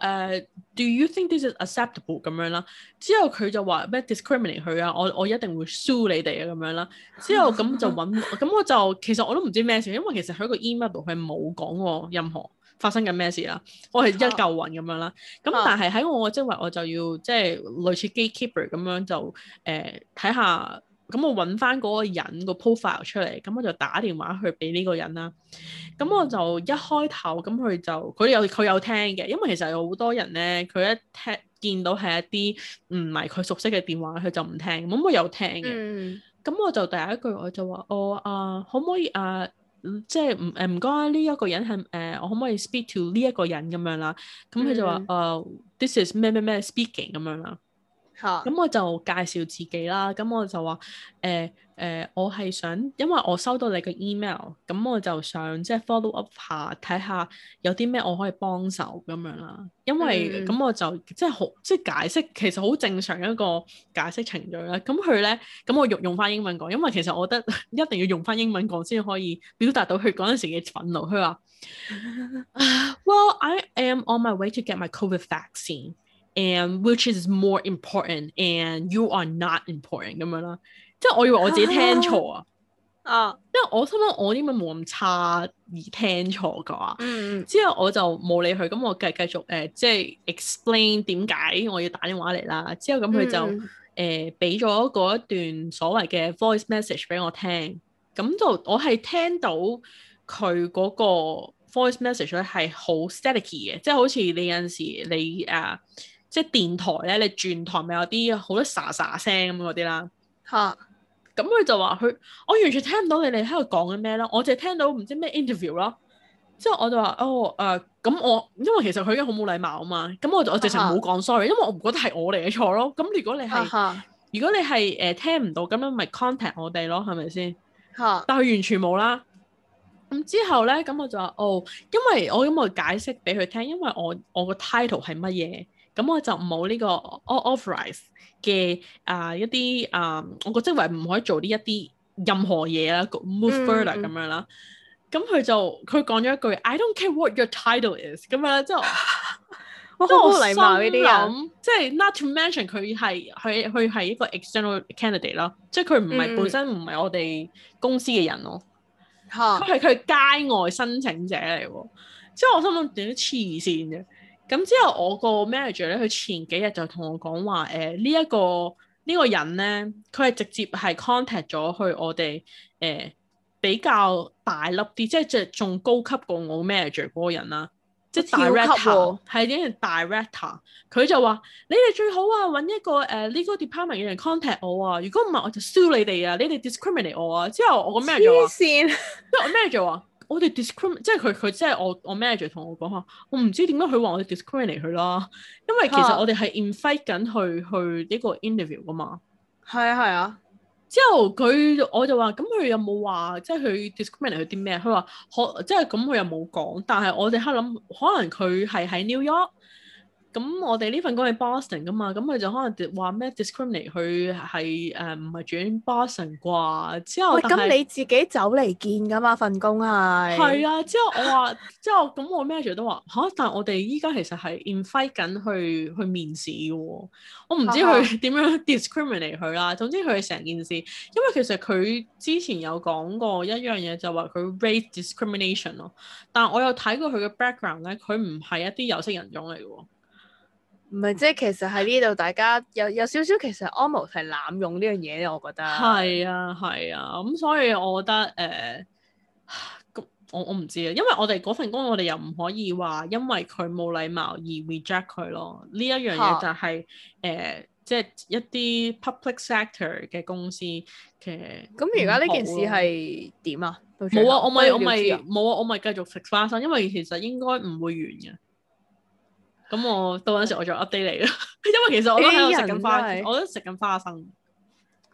uh,，Do you think this is acceptable 咁樣啦？之後佢就話咩 discriminate 佢啊，我我一定會 sue 你哋啊咁樣啦。之後咁就揾，咁 我就其實我都唔知咩事，因為其實佢個 email 佢冇講過任何發生緊咩事啦，我係一嚿雲咁樣啦。咁、oh. 但係喺我嘅職位我就要即係、就是、類似 gatekeeper 咁樣就誒睇、呃、下。咁、嗯、我揾翻嗰個人個 profile 出嚟，咁、嗯、我就打電話去俾呢個人啦。咁、嗯、我就一開頭，咁、嗯、佢就佢有佢有聽嘅，因為其實有好多人咧，佢一聽見到係一啲唔係佢熟悉嘅電話，佢就唔聽。咁我有聽嘅，咁、嗯嗯嗯嗯、我就第一句我就話：我、哦、啊，可唔可以啊？即係唔誒，唔該呢一個人係誒、啊，我可唔可以 speak to 呢一個人咁樣啦？咁佢就話：啊，this is 咩咩咩 speaking 咁樣啦。咁我就介紹自己啦，咁我就話誒誒，我係想，因為我收到你嘅 email，咁我就想即係、就是、follow up 下睇下有啲咩我可以幫手咁樣啦。因為咁、嗯、我就即係好即係解釋，其實好正常一個解釋程序啦。咁佢咧，咁我用用翻英文講，因為其實我覺得一定要用翻英文講先可以表達到佢嗰陣時嘅憤怒。佢話 ：Well, I am on my way to get my COVID vaccine. And which is more important, and you are not important 咁樣啦。即係我以為我自己聽錯啊。啊！即係我心諗我啲咪冇咁差而聽錯噶。嗯、之後我就冇理佢，咁我繼繼續誒、呃、即係 explain 點解我要打電話嚟啦。之後咁佢就誒俾咗嗰一段所謂嘅 voice message 俾、嗯、我聽。咁就我係聽到佢嗰個 voice message 咧係好 static 嘅，即係好似你有陣時你啊～、uh, 即係電台咧，你轉台咪有啲好多沙沙聲咁嗰啲啦。嚇、啊！咁佢就話佢，我完全聽唔到你哋喺度講緊咩咯，我淨係聽到唔知咩 interview 咯。之後我就話：哦，誒、呃，咁我因為其實佢已經好冇禮貌啊嘛。咁我就我直情冇講 sorry，因為我唔覺得係我嚟嘅錯咯。咁如果你係，如果你係誒、啊呃、聽唔到，咁樣咪 contact 我哋咯，係咪先？嚇、啊！但係完全冇啦。咁之後咧，咁我就話：哦，因為我咁我解釋俾佢聽，因為我我個 title 係乜嘢？咁我就冇呢個 all authorize 嘅啊、uh, 一啲啊，uh, 我個職位唔可以做呢一啲任何嘢啦，move further 咁、嗯、樣啦。咁佢、嗯、就佢講咗一句，I don't care what your title is 咁樣，即係我好冇禮貌呢啲人，即係 not to mention 佢係佢佢係一個 external candidate 啦，即係佢唔係本身唔係、嗯、我哋公司嘅人咯，佢係佢係街外申請者嚟喎，即係我心諗點樣黐線嘅。嗯。咁之後我個 manager 咧，佢前幾日就同我講話，誒呢一個呢、這個人咧，佢係直接係 contact 咗去我哋誒、呃、比較大粒啲，即係即仲高級過我 manager 嗰個人啦，即係 director，係啲 director。佢就話：你哋最好啊，揾一個誒、呃、legal department 嘅人 contact 我啊。如果唔係，我就 sue 你哋啊！你哋 discriminate 我啊！之後我個 manager 話：咩做啊？ 我哋 discriminate 即係佢佢即係我我 manager 同我講下。我唔知點解佢話我哋 discriminate 佢啦，因為其實我哋係 invite 緊佢去呢個 interview 噶嘛。係啊係啊，啊之後佢我就話，咁佢有冇話即係佢 discriminate 佢啲咩？佢話，我即係咁佢又冇講，但係我哋黑諗，可能佢係喺 New York。咁、嗯、我哋呢份工喺 Boston 㗎嘛，咁、嗯、佢就可能話咩 discriminate 佢係誒唔係轉 Boston 啩？之後喂，咁 你自己走嚟見㗎嘛？份工係係 啊，之後我話之後咁我 manager 都話吓、啊，但係我哋依家其實係 invite 緊去去面試嘅喎、哦，我唔知佢點樣 discriminate 佢啦。 總之佢成件事，因為其實佢之前有講過一樣嘢，就話佢 race discrimination 咯，但我有睇過佢嘅 background 咧，佢唔係一啲有色人種嚟㗎喎。唔係，即係其實喺呢度，大家有有少少其實 almost 係濫用呢樣嘢咧，我覺得係啊，係啊，咁、嗯、所以我覺得誒，咁、呃、我我唔知啊，因為我哋嗰份工，我哋又唔可以話因為佢冇禮貌而 reject 佢咯。呢一樣嘢就係、是、誒，即係、啊呃就是、一啲 public sector 嘅公司嘅。咁而家呢件事係點啊？冇啊，我咪我咪冇啊，我咪繼續食花生，因為其實應該唔會完嘅。咁、嗯、我到嗰陣時，我再 update 你啦。因為其實我都喺度食緊花，哎、我都食緊花生。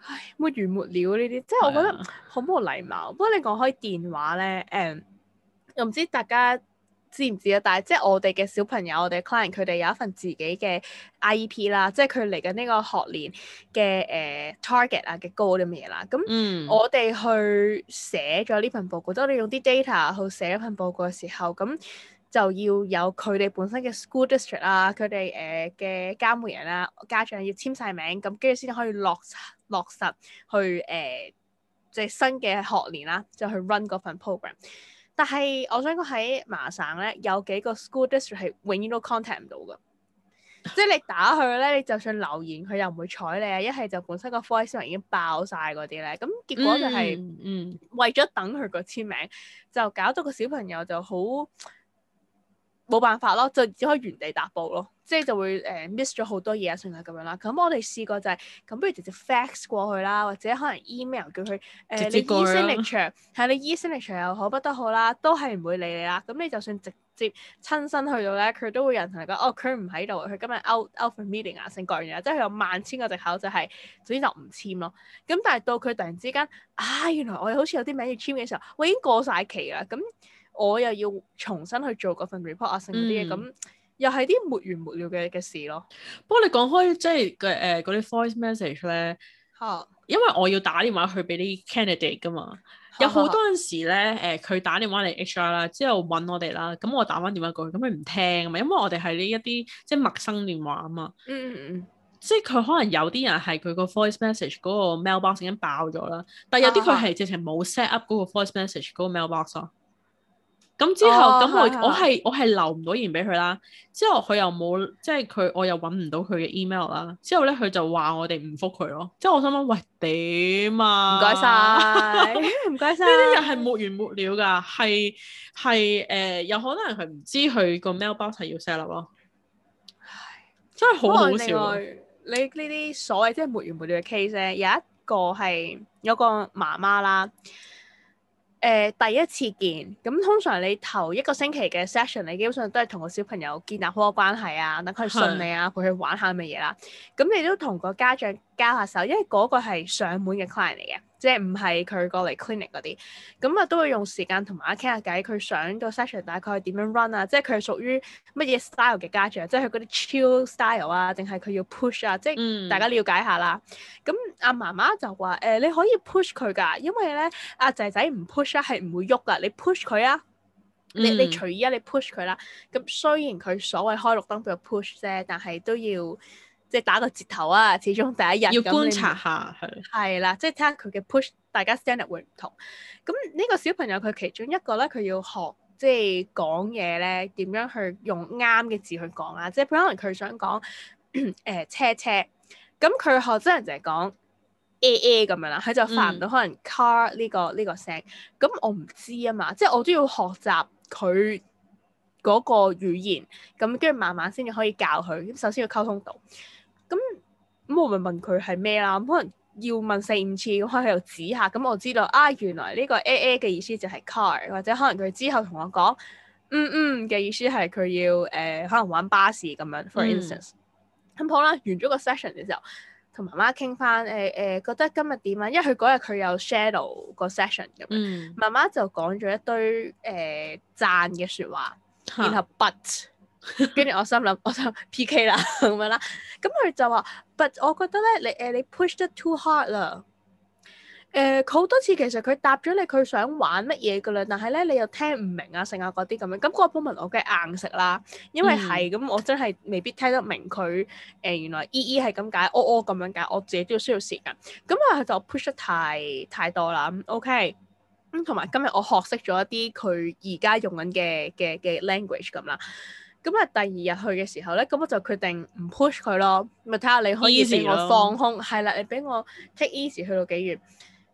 唉，沒完沒了呢啲，即係我覺得好冇禮貌。的不過你講開電話咧，誒，又唔知大家知唔知啊？但係即係我哋嘅小朋友，我哋嘅 client 佢哋有一份自己嘅 IEP 啦，即係佢嚟緊呢個學年嘅誒、呃、target 啊嘅 goal 啲乜嘢啦。咁我哋去寫咗呢份報告，嗯、即係我哋用啲 data 去寫一份報告嘅時候，咁。就要有佢哋本身嘅 school district 啦、啊，佢哋誒嘅監護人啦、啊、家長要簽晒名，咁跟住先可以落落實去誒即係新嘅學年啦、啊，就去 run 嗰份 program。但係我想講喺麻省咧，有幾個 school district 係永遠都 contact 唔到㗎， 即係你打佢咧，你就算留言佢又唔會睬你啊。一係就本身個 voice 已經爆晒嗰啲咧，咁結果就係為咗等佢個簽名，嗯嗯、就搞到個小朋友就好。冇辦法咯，就只可以原地踏步咯，即係就會誒 miss 咗好多嘢啊，算係咁樣啦。咁我哋試過就係、是、咁，不如直接 fax 過去啦，或者可能 email 叫佢誒、呃、你 e-signature 你 e-signature 又好，不得好啦，都係唔會理你啦。咁你就算直接親身去到咧，佢都會有人同你講哦，佢唔喺度，佢今日 out out for meeting 啊，先講完嘢，即係佢有萬千個藉口就係、是、總之就唔簽咯。咁但係到佢突然之間啊，原來我哋好似有啲名要簽嘅時候，我已經過晒期啦，咁。我又要重新去做嗰份 report 啊，剩啲嘢，咁、嗯、又係啲沒完沒了嘅嘅事咯。不過你講開即係嘅誒嗰啲 voice message 咧嚇，哈因為我要打電話去俾啲 candidate 㗎嘛，哈哈哈有好多陣時咧誒佢打電話嚟 HR 啦，之後搵我哋啦，咁我打翻電話過去，咁佢唔聽啊嘛，因為我哋係呢一啲即係陌生電話啊嘛，嗯，嗯，嗯即係佢可能有啲人係佢個 voice message 嗰個 mail box 已經爆咗啦，但係有啲佢係直情冇 set up 嗰個 voice message 嗰個 mail box 咯、啊。啊。咁之後，咁、哦、我 我係我係留唔到言俾佢啦。之後佢又冇，即係佢我又揾唔到佢嘅 email 啦。之後咧佢就話我哋唔覆佢咯。之後我心諗，喂點啊？唔該晒，唔該曬。呢啲又係沒完沒了㗎，係係誒，有可能係唔知佢個 mailbox 要 set 立咯。真係好好笑。你呢啲所謂即係沒完沒了嘅 case，有一個係有個媽媽啦。誒第一次見，咁通常你頭一個星期嘅 session，你基本上都係同個小朋友建立好多關係啊，等佢信你啊，陪佢玩下咁嘅嘢啦，咁你都同個家長交下手，因為嗰個係上門嘅 client 嚟嘅。即係唔係佢過嚟 clinic 嗰啲，咁啊都會用時間同埋傾下偈。佢上個 session 大概點樣 run 啊？即係佢係屬於乜嘢 style 嘅家長，即係佢嗰啲 chill style 啊，定係佢要 push 啊？即係大家了解下啦。咁阿、嗯、媽媽就話：誒、呃，你可以 push 佢㗎，因為咧阿仔仔唔 push 咧係唔會喐噶。你 push 佢啊，你你隨意啊，你 push 佢啦、啊。咁、嗯、雖然佢所謂開綠燈俾我 push 啫，但係都要。即係打個折頭啊！始終第一日要觀察下，係啦你， 即係睇下佢嘅 push，大家 stand up 會唔同。咁呢個小朋友佢其中一個咧，佢要學即係講嘢咧，點樣去用啱嘅字去講啊。即係可能佢想講誒、 呃、車車，咁佢學真人欸欸就係講 a a 咁樣啦，佢就發唔到可能 car 呢、呢個呢、嗯、個聲。咁我唔知啊嘛，即係我都要學習佢嗰個語言，咁跟住慢慢先至可以教佢。咁首先要溝通到。咁咁、嗯、我咪問佢係咩啦？咁可能要問四五次，咁喺度指下，咁我知道啊，原來呢個 A A 嘅意思就係 car，或者可能佢之後同我講嗯嗯嘅意思係佢要誒、呃、可能玩巴士咁樣。For instance，咁好啦，完咗、嗯嗯嗯、個 session 嘅時候，同媽媽傾翻誒誒，覺得今日點啊？因為佢嗰日佢有 shadow 個 session 咁樣，嗯、媽媽就講咗一堆誒讚嘅説話，啊、然後 but。跟住 我心諗，我 PK 就 P. K. 啦，咁樣啦。咁佢就話，But 我覺得咧，你誒，你 push 得 too hard 啦。誒、呃，好多次其實佢答咗你，佢想玩乜嘢噶啦。但係咧，你又聽唔明啊，剩啊嗰啲咁樣。咁、那、嗰個 moment 我梗係硬食啦，因為係咁，嗯、我真係未必聽得明佢誒，原來 e e 係咁解，o o 咁樣解、哦哦，我自己都要需要時間。咁啊，佢就 push 得太太多啦。O. K. 咁同埋今日我學識咗一啲佢而家用緊嘅嘅嘅 language 咁啦。咁啊，第二日去嘅時候咧，咁我就決定唔 push 佢咯，咪睇下你可以俾我放空，係啦、啊啊，你俾我 take easy 去到幾遠？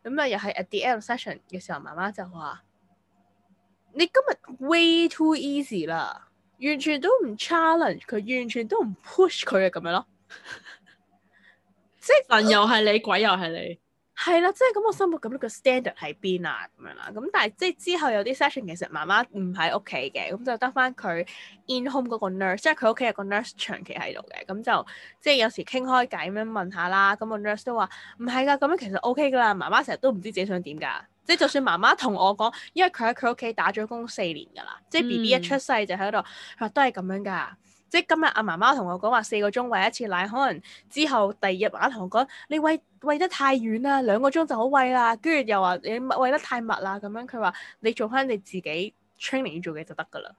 咁啊，又係 at the end session 嘅時候，媽媽就話：你今日 way too easy 啦，完全都唔 challenge 佢，完全都唔 push 佢啊，咁樣咯， 即係是神又係你，鬼又係你。係啦，即係咁我心目咁呢個 standard 喺邊啊咁樣啦，咁但係即係之後有啲 session 其實媽媽唔喺屋企嘅，咁就得翻佢 in home 個 nurse，即係佢屋企有個 nurse 長期喺度嘅，咁就即係有時傾開偈咁樣問下啦，咁個 nurse 都話唔係㗎，咁樣其實 OK 㗎啦，媽媽成日都唔知自己想點㗎，即係就算媽媽同我講，因為佢喺佢屋企打咗工四年㗎啦，嗯、即係 BB 一出世就喺度，佢話都係咁樣㗎。即係今日阿媽媽同我講話四個鐘餵一次奶，可能之後第二日媽媽同我講你餵餵得太遠啦，兩個鐘就好餵啦，跟住又話你餵得太密啦，咁樣佢話你做翻你自己 training 做嘢就得㗎啦。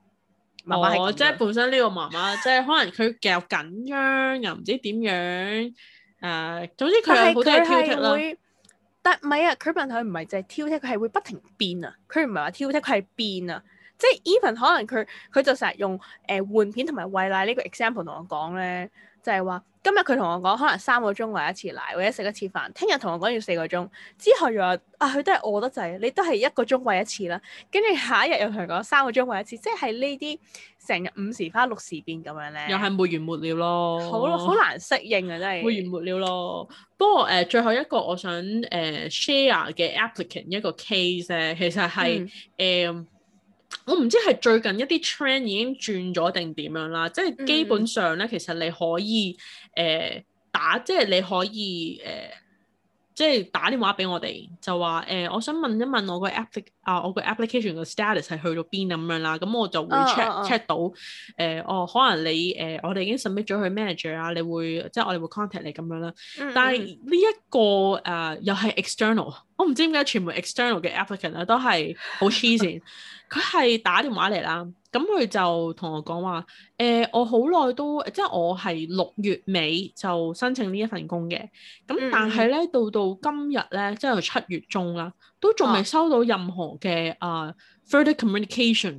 慢慢哦，即係本身呢個媽媽 即係可能佢夾緊張、啊，又唔知點樣誒、呃，總之佢有好多挑剔啦。但係唔係啊？佢問佢唔係就係挑剔，佢係會不停變啊！佢唔係話挑剔，佢係變啊。即係 even 可能佢佢就成日用誒、呃、換片同埋喂奶呢個 example 同我講咧，就係、是、話今日佢同我講可能三個鐘喂一次奶或者食一次飯，聽日同我講要四個鐘，之後又話啊佢都係餓得滯，你都係一個鐘喂一次啦，跟住下一日又同佢講三個鐘喂一次，即係呢啲成日五時花六時變咁樣咧，又係沒完沒了咯。好好難適應啊，真係沒完沒了咯。不過誒、呃，最後一個我想誒 share、呃、嘅 applicant 一個 case 咧，其實係誒。嗯我唔知係最近一啲 trend 已經轉咗定點樣啦，即係基本上咧，其實你可以誒、呃、打，即係你可以誒、呃，即係打電話俾我哋，就話誒、呃，我想問一問我個 applic 啊，我個 application 個 status 係去到邊啊咁樣啦，咁我就會 check check、oh, oh, oh. 到誒、呃，哦，可能你誒、呃，我哋已經 submit 咗去 manager 啊，你會即係我哋會 contact 你咁樣啦。但係呢一個誒、呃，又係 external。.我唔知點解全部 external 嘅 applicant 咧都係好黐線，佢係打電話嚟啦，咁佢就同我講話，誒、呃、我好耐都，即係我係六月尾就申請呢一份工嘅，咁但係咧，到到今日咧，即係七月中啦，都仲未收到任何嘅啊、uh, further communication。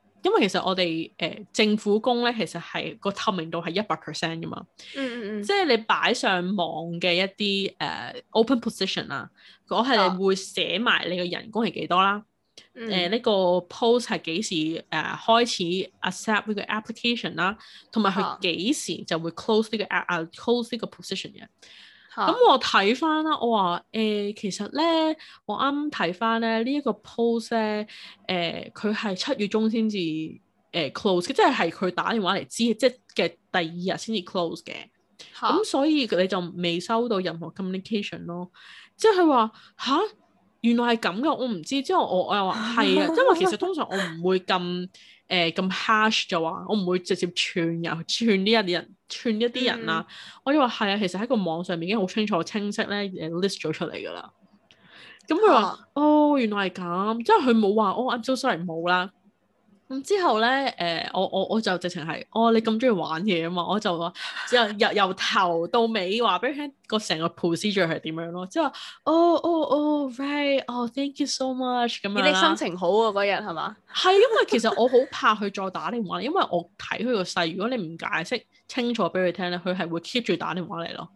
因為其實我哋誒、呃、政府工咧，其實係個透明度係一百 percent 嘅嘛。嗯嗯嗯。Hmm. 即係你擺上網嘅一啲誒、uh, open position 啊，我係會寫埋你嘅人工係幾多啦。誒呢、mm hmm. 呃呢個 post 係幾時誒、uh, 開始 accept 呢個 application 啦、啊，同埋佢幾時就會 close 呢個啊啊、uh, close 呢個 position 嘅。咁我睇翻啦，我話誒、呃，其實咧，我啱啱睇翻咧呢一、這個 post 咧，誒佢係七月中先至誒 close，即係係佢打電話嚟知，即係嘅第二日先至 close 嘅。咁、啊、所以你就未收到任何 communication 咯，即係佢話吓，原來係咁噶，我唔知。之後我我又話係啊， 因為其實通常我唔會咁誒咁 harsh 就話，我唔會直接串，串人，串呢一啲人。串一啲人啦，嗯、我話係啊，其實喺個網上面已經好清楚清晰咧，list 咗出嚟噶啦。咁佢話：哦，原來係咁，即係佢冇話哦，I'm so sorry 冇啦。咁之後咧，誒我我我就直情係哦，你咁中意玩嘢啊嘛，我就話之後由由頭到尾話俾佢聽個成個 procedure 係點樣咯，即係話：哦哦哦，right，哦，thank you so much 咁樣啦。你心情好啊嗰日係嘛？係 因為其實我好怕佢再打你玩，因為我睇佢個勢，如果你唔解釋。清楚俾佢聽咧，佢係會 keep 住打電話嚟咯。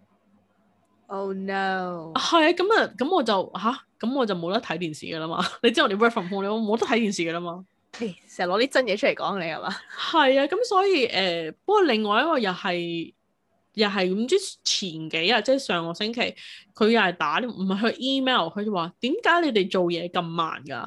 Oh no！係啊，咁啊，咁我就吓，咁我就冇得睇電視噶啦嘛。你知我哋 work from home，我冇得睇電視噶啦嘛。成日攞啲真嘢出嚟講你係嘛？係啊 tal，咁所以誒，不過另外一個又係又係唔知前幾日即係上個星期，佢又係打唔係去 email，佢就話點解你哋做嘢咁慢㗎？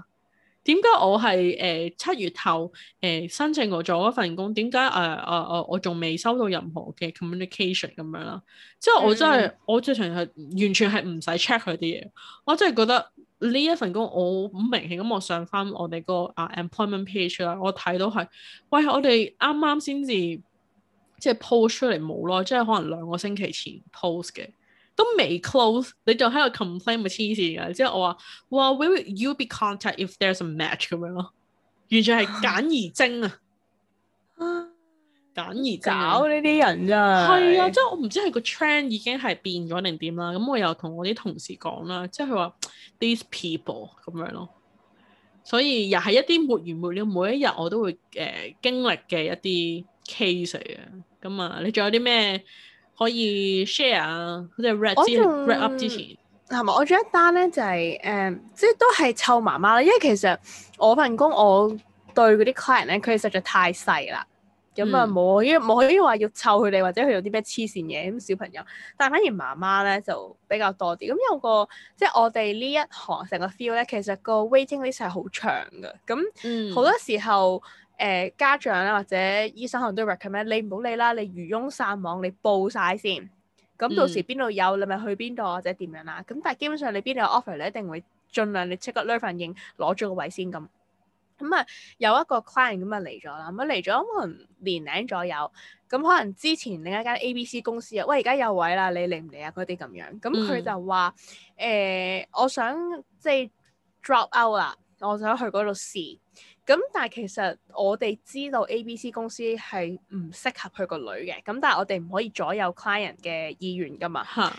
點解我係誒七月頭誒、呃、申請我做嗰份工？點解誒誒誒我仲未收到任何嘅 communication 咁樣啦？即係我真係、嗯、我最常係完全係唔使 check 佢啲嘢，我真係覺得呢一份工我好明顯咁，我，我上翻我哋個啊 employment page 啦，我睇到係喂我哋啱啱先至即係 post 出嚟冇耐，即係可能兩個星期前 post 嘅。都未 close，你就喺度 complain 咪黐線㗎？之、就、後、是、我話：哇、well，Will you be contact if there's a match 咁樣咯？完全係簡而精啊！ 簡而精，搞呢啲人咋？係啊，即、就、係、是、我唔知係個 trend 已經係變咗定點啦。咁、嗯、我又同我啲同事講啦，即係佢話 these people 咁樣咯。所以又係一啲沒完沒了，每一日我都會誒、呃、經歷嘅一啲 case 啊。咁、嗯、啊，你仲有啲咩？可以 share 啊，即係 wrap wrap up 之前係咪？我做一單咧就係、係、誒、嗯，即係都係湊媽媽啦。因為其實我份工，我對嗰啲 client 咧，佢哋實在太細啦，咁啊冇，因為冇可以話要湊佢哋，或者佢有啲咩黐線嘢咁小朋友。但係反而媽媽咧就比較多啲。咁有個即係我哋呢一行成個 feel 咧，其實個 waiting list 係好長嘅。咁好多時候。嗯誒、呃、家長啦，或者醫生可能都 recommend 你唔好理啦，你漁翁撒網，你報晒先。咁到時邊度有，你咪去邊度或者點樣啦。咁但係基本上你邊度有 offer，你一定會盡量你即刻 respond 攞咗個位先咁。咁啊有一個 client 咁啊嚟咗啦，咁嚟咗可能年零左右，咁可能之前另一間 ABC 公司來來啊，喂而家有位啦，你嚟唔嚟啊？嗰啲咁樣，咁佢就話誒、嗯呃、我想即係 drop out 啦。我想去嗰度試，咁但係其實我哋知道 ABC 公司係唔適合佢個女嘅，咁但係我哋唔可以左右 client 嘅意願㗎嘛。嚇、嗯！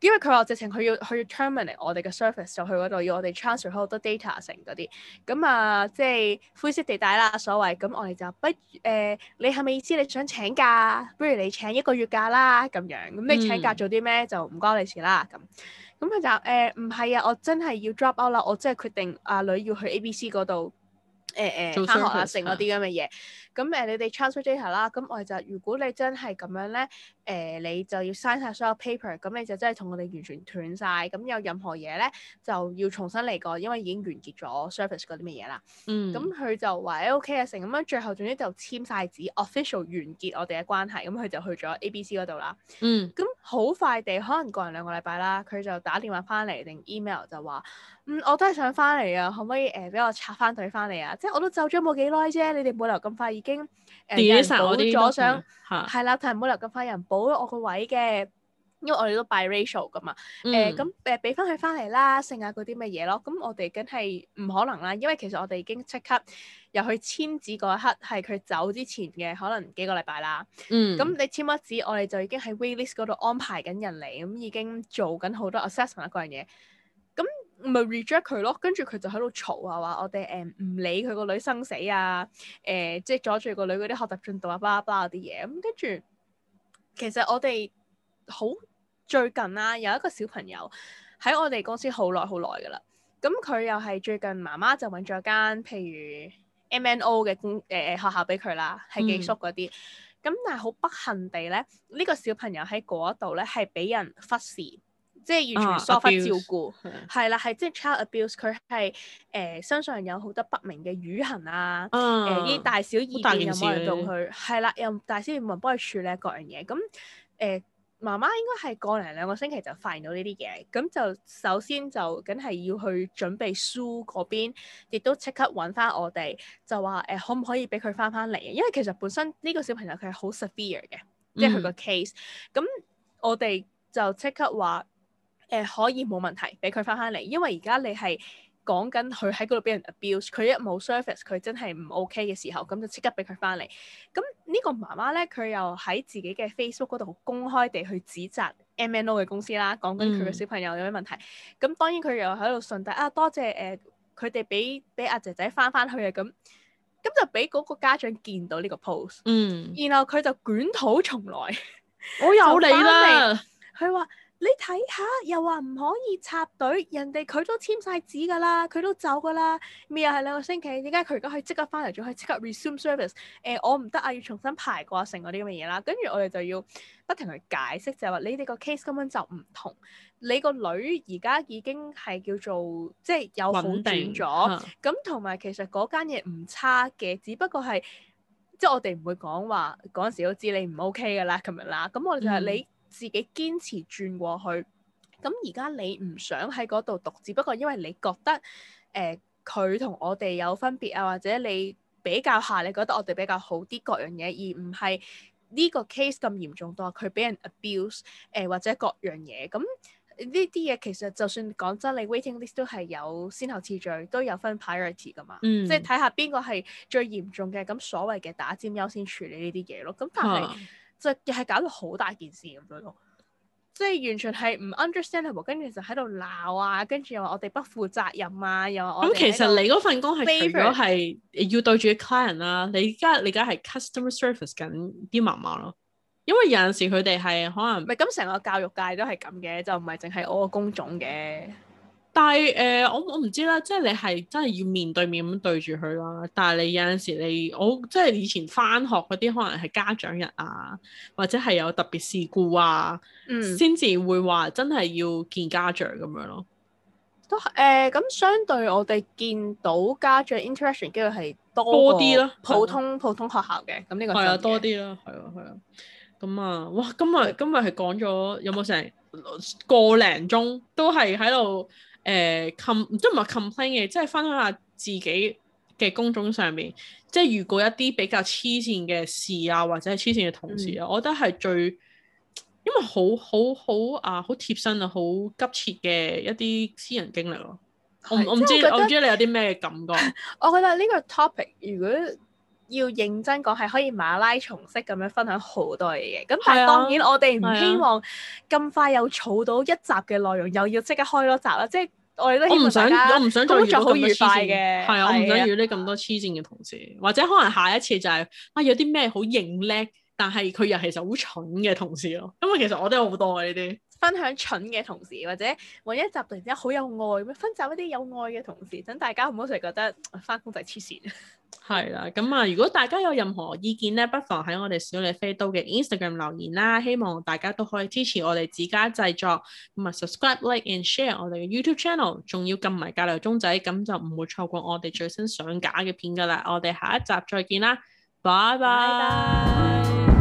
因為佢話直情佢要佢要 terminate 我哋嘅 service 就去嗰度要我哋 transfer 好多 data 成嗰啲，咁啊即係灰色地帶啦所謂，咁我哋就不如、呃，你係咪意思你想請假？不如你請一個月假啦，咁樣咁你請假做啲咩就唔關你事啦咁。嗯咁佢就誒，唔、呃、係啊，我真係要 drop out 啦，我真係決定阿女要去 A、B、呃、C 度誒誒，翻學啊，成嗰啲咁嘅嘢。啊啊咁誒，你哋 transfer 啦，咁我就如果你真係咁樣咧，誒、呃、你就要 sign 晒所有 paper，咁你就真係同我哋完全斷晒，咁有任何嘢咧就要重新嚟過，因為已經完結咗 service 嗰啲乜嘢啦。嗯。咁佢就話話 OK 啊成，咁樣最後總之就簽晒紙 official 完結我哋嘅關係，咁佢就去咗 ABC 度啦。嗯。咁好快地，可能過完兩個禮拜啦，佢就打電話翻嚟定 email 就話嗯，我都係想翻嚟啊，可唔可以誒俾、呃、我插翻隊翻嚟啊？即係我都走咗冇幾耐啫，你哋冇留咁快。已經誒咗，想係啦，但唔好留咁快人保咗我個位嘅，因為我哋都 by racial 噶嘛。誒，咁誒俾翻佢翻嚟啦，剩下嗰啲乜嘢咯。咁我哋梗係唔可能啦，因為其實我哋已經即刻由去簽紙嗰一刻，係佢走之前嘅可能幾個禮拜啦。咁、嗯、你簽咗紙，我哋就已經喺 release 嗰度安排緊人嚟，咁已經做緊好多 assessment 嗰樣嘢。咁咪 reject 佢咯，跟住佢就喺度嘈啊，話我哋誒唔理佢個女生死啊誒、呃，即係阻住個女嗰啲學習進度啊，巴啦巴拉嗰啲嘢。咁跟住，其實我哋好最近啦、啊，有一個小朋友喺我哋公司好耐好耐噶啦。咁佢又係最近媽媽就揾咗間譬如 MNO 嘅工、誒、呃、學校俾佢啦，係寄宿嗰啲。咁、嗯、但係好不幸地咧，呢、呢個小朋友喺嗰度咧係俾人忽視。即係完全疏忽、啊、use, 照顧係啦，係即係 child abuse，佢係誒、呃、身上有好多不明嘅瘀痕啊，誒啲、啊呃、大小二便有冇人動佢係啦，又大小二便幫佢處理各樣嘢咁誒，媽媽應該係過嚟兩,兩個星期就發現到呢啲嘢咁就首先就緊係要去準備書嗰邊，亦都即刻揾翻我哋就話誒可唔可以俾佢翻翻嚟？因為其實本身呢個小朋友佢係好 severe 嘅，即係佢個 case。咁 我哋就即刻話。誒、呃、可以冇問題，俾佢翻返嚟，因為而家你係講緊佢喺嗰度俾人 abuse，佢一冇 service，佢真係唔 OK 嘅時候，咁就即刻俾佢翻嚟。咁呢個媽媽咧，佢又喺自己嘅 Facebook 度公開地去指責 MNO 嘅公司啦，講緊佢嘅小朋友有咩問題。咁、嗯、當然佢又喺度順帶啊，多謝誒佢哋俾俾阿仔仔翻返去啊，咁咁就俾嗰個家長見到呢個 post，嗯，然後佢就捲土重來， 我有理啦。佢話。你睇下，又話唔可以插隊，人哋佢都簽晒紙噶啦，佢都走噶啦，咩又係兩個星期，點解佢而家可以即刻翻嚟，仲可以即刻 resume service？誒、呃，我唔得啊，要重新排過成嗰啲咁嘅嘢啦，跟住我哋就要不停去解釋，就係、是、話你哋個 case 根本就唔同，你個女而家已經係叫做即係有穩定咗，咁同埋其實嗰間嘢唔差嘅，只不過係即係我哋唔會講話嗰陣時、OK，都知你唔 OK 噶啦，咁樣啦，咁我哋就係你。自己堅持轉過去，咁而家你唔想喺嗰度讀，只不過因為你覺得誒佢同我哋有分別啊，或者你比較下，你覺得我哋比較好啲各樣嘢，而唔係呢個 case 咁嚴重到佢俾人 abuse 誒、呃、或者各樣嘢。咁呢啲嘢其實就算講真，你 waiting list 都係有先後次序，都有分 priority 噶嘛。嗯、即係睇下邊個係最嚴重嘅，咁所謂嘅打尖優先處理呢啲嘢咯。咁但係，嗯就係搞到好大件事咁樣咯，即、就、係、是、完全係唔 understandable，跟住就喺度鬧啊，跟住又話我哋不負責任啊，又話咁其實你嗰份工係除咗係要對住 client 啦、啊，你而家你而家係 customer service 緊啲媽媽咯，因為有陣時佢哋係可能咪咁成個教育界都係咁嘅，就唔係淨係我個工種嘅。但係誒、呃，我我唔知啦，即係你係真係要面對面咁對住佢啦。但係你有陣時你，我即係以前返學嗰啲，可能係家長日啊，或者係有特別事故啊，先至、嗯、會話真係要見家長咁樣咯。都係誒，咁、嗯嗯嗯、相對我哋見到家長 interaction 機會係多啲咯，普通普通，普通學校嘅，咁呢的個係啊多啲咯，係啊係啊。咁啊、嗯，哇！今日今日係講咗有冇成個零鐘都係喺度。誒、uh, com 即唔係 complain 嘅，即係分享下自己嘅工種上面，即係遇過一啲比較黐線嘅事啊，或者係黐線嘅同事啊，嗯、我覺得係最，因為好好好啊，好貼身啊，好急切嘅一啲私人經歷咯、啊是。我我唔知我唔知你有啲咩感覺。 我覺得呢個 topic 如果，要認真講係可以馬拉松式咁樣分享好多嘢嘅，咁但係當然我哋唔希望咁快又儲到一集嘅內容，又要即刻開多集啦。即係我哋都我唔想，我唔想再遇到咁多黐線嘅，係啊，我唔想遇到咁多黐線嘅同事，或者可能下一次就係、是、啊有啲咩好認叻，但係佢又其實好蠢嘅同事咯。因為其實我都有好多呢、啊、啲。分享蠢嘅同事，或者揾一集突然之間好有愛分集一啲有愛嘅同事，等大家唔好成日覺得翻工就黐線。係啦，咁啊，如果大家有任何意見咧，不妨喺我哋小李飛刀嘅 Instagram 留言啦。希望大家都可以支持我哋自家製作，咁啊 subscribe、like and share 我哋嘅 YouTube channel，仲要撳埋隔離鐘仔，咁就唔會錯過我哋最新上架嘅片㗎喇。我哋下一集再見啦，拜拜。Bye bye。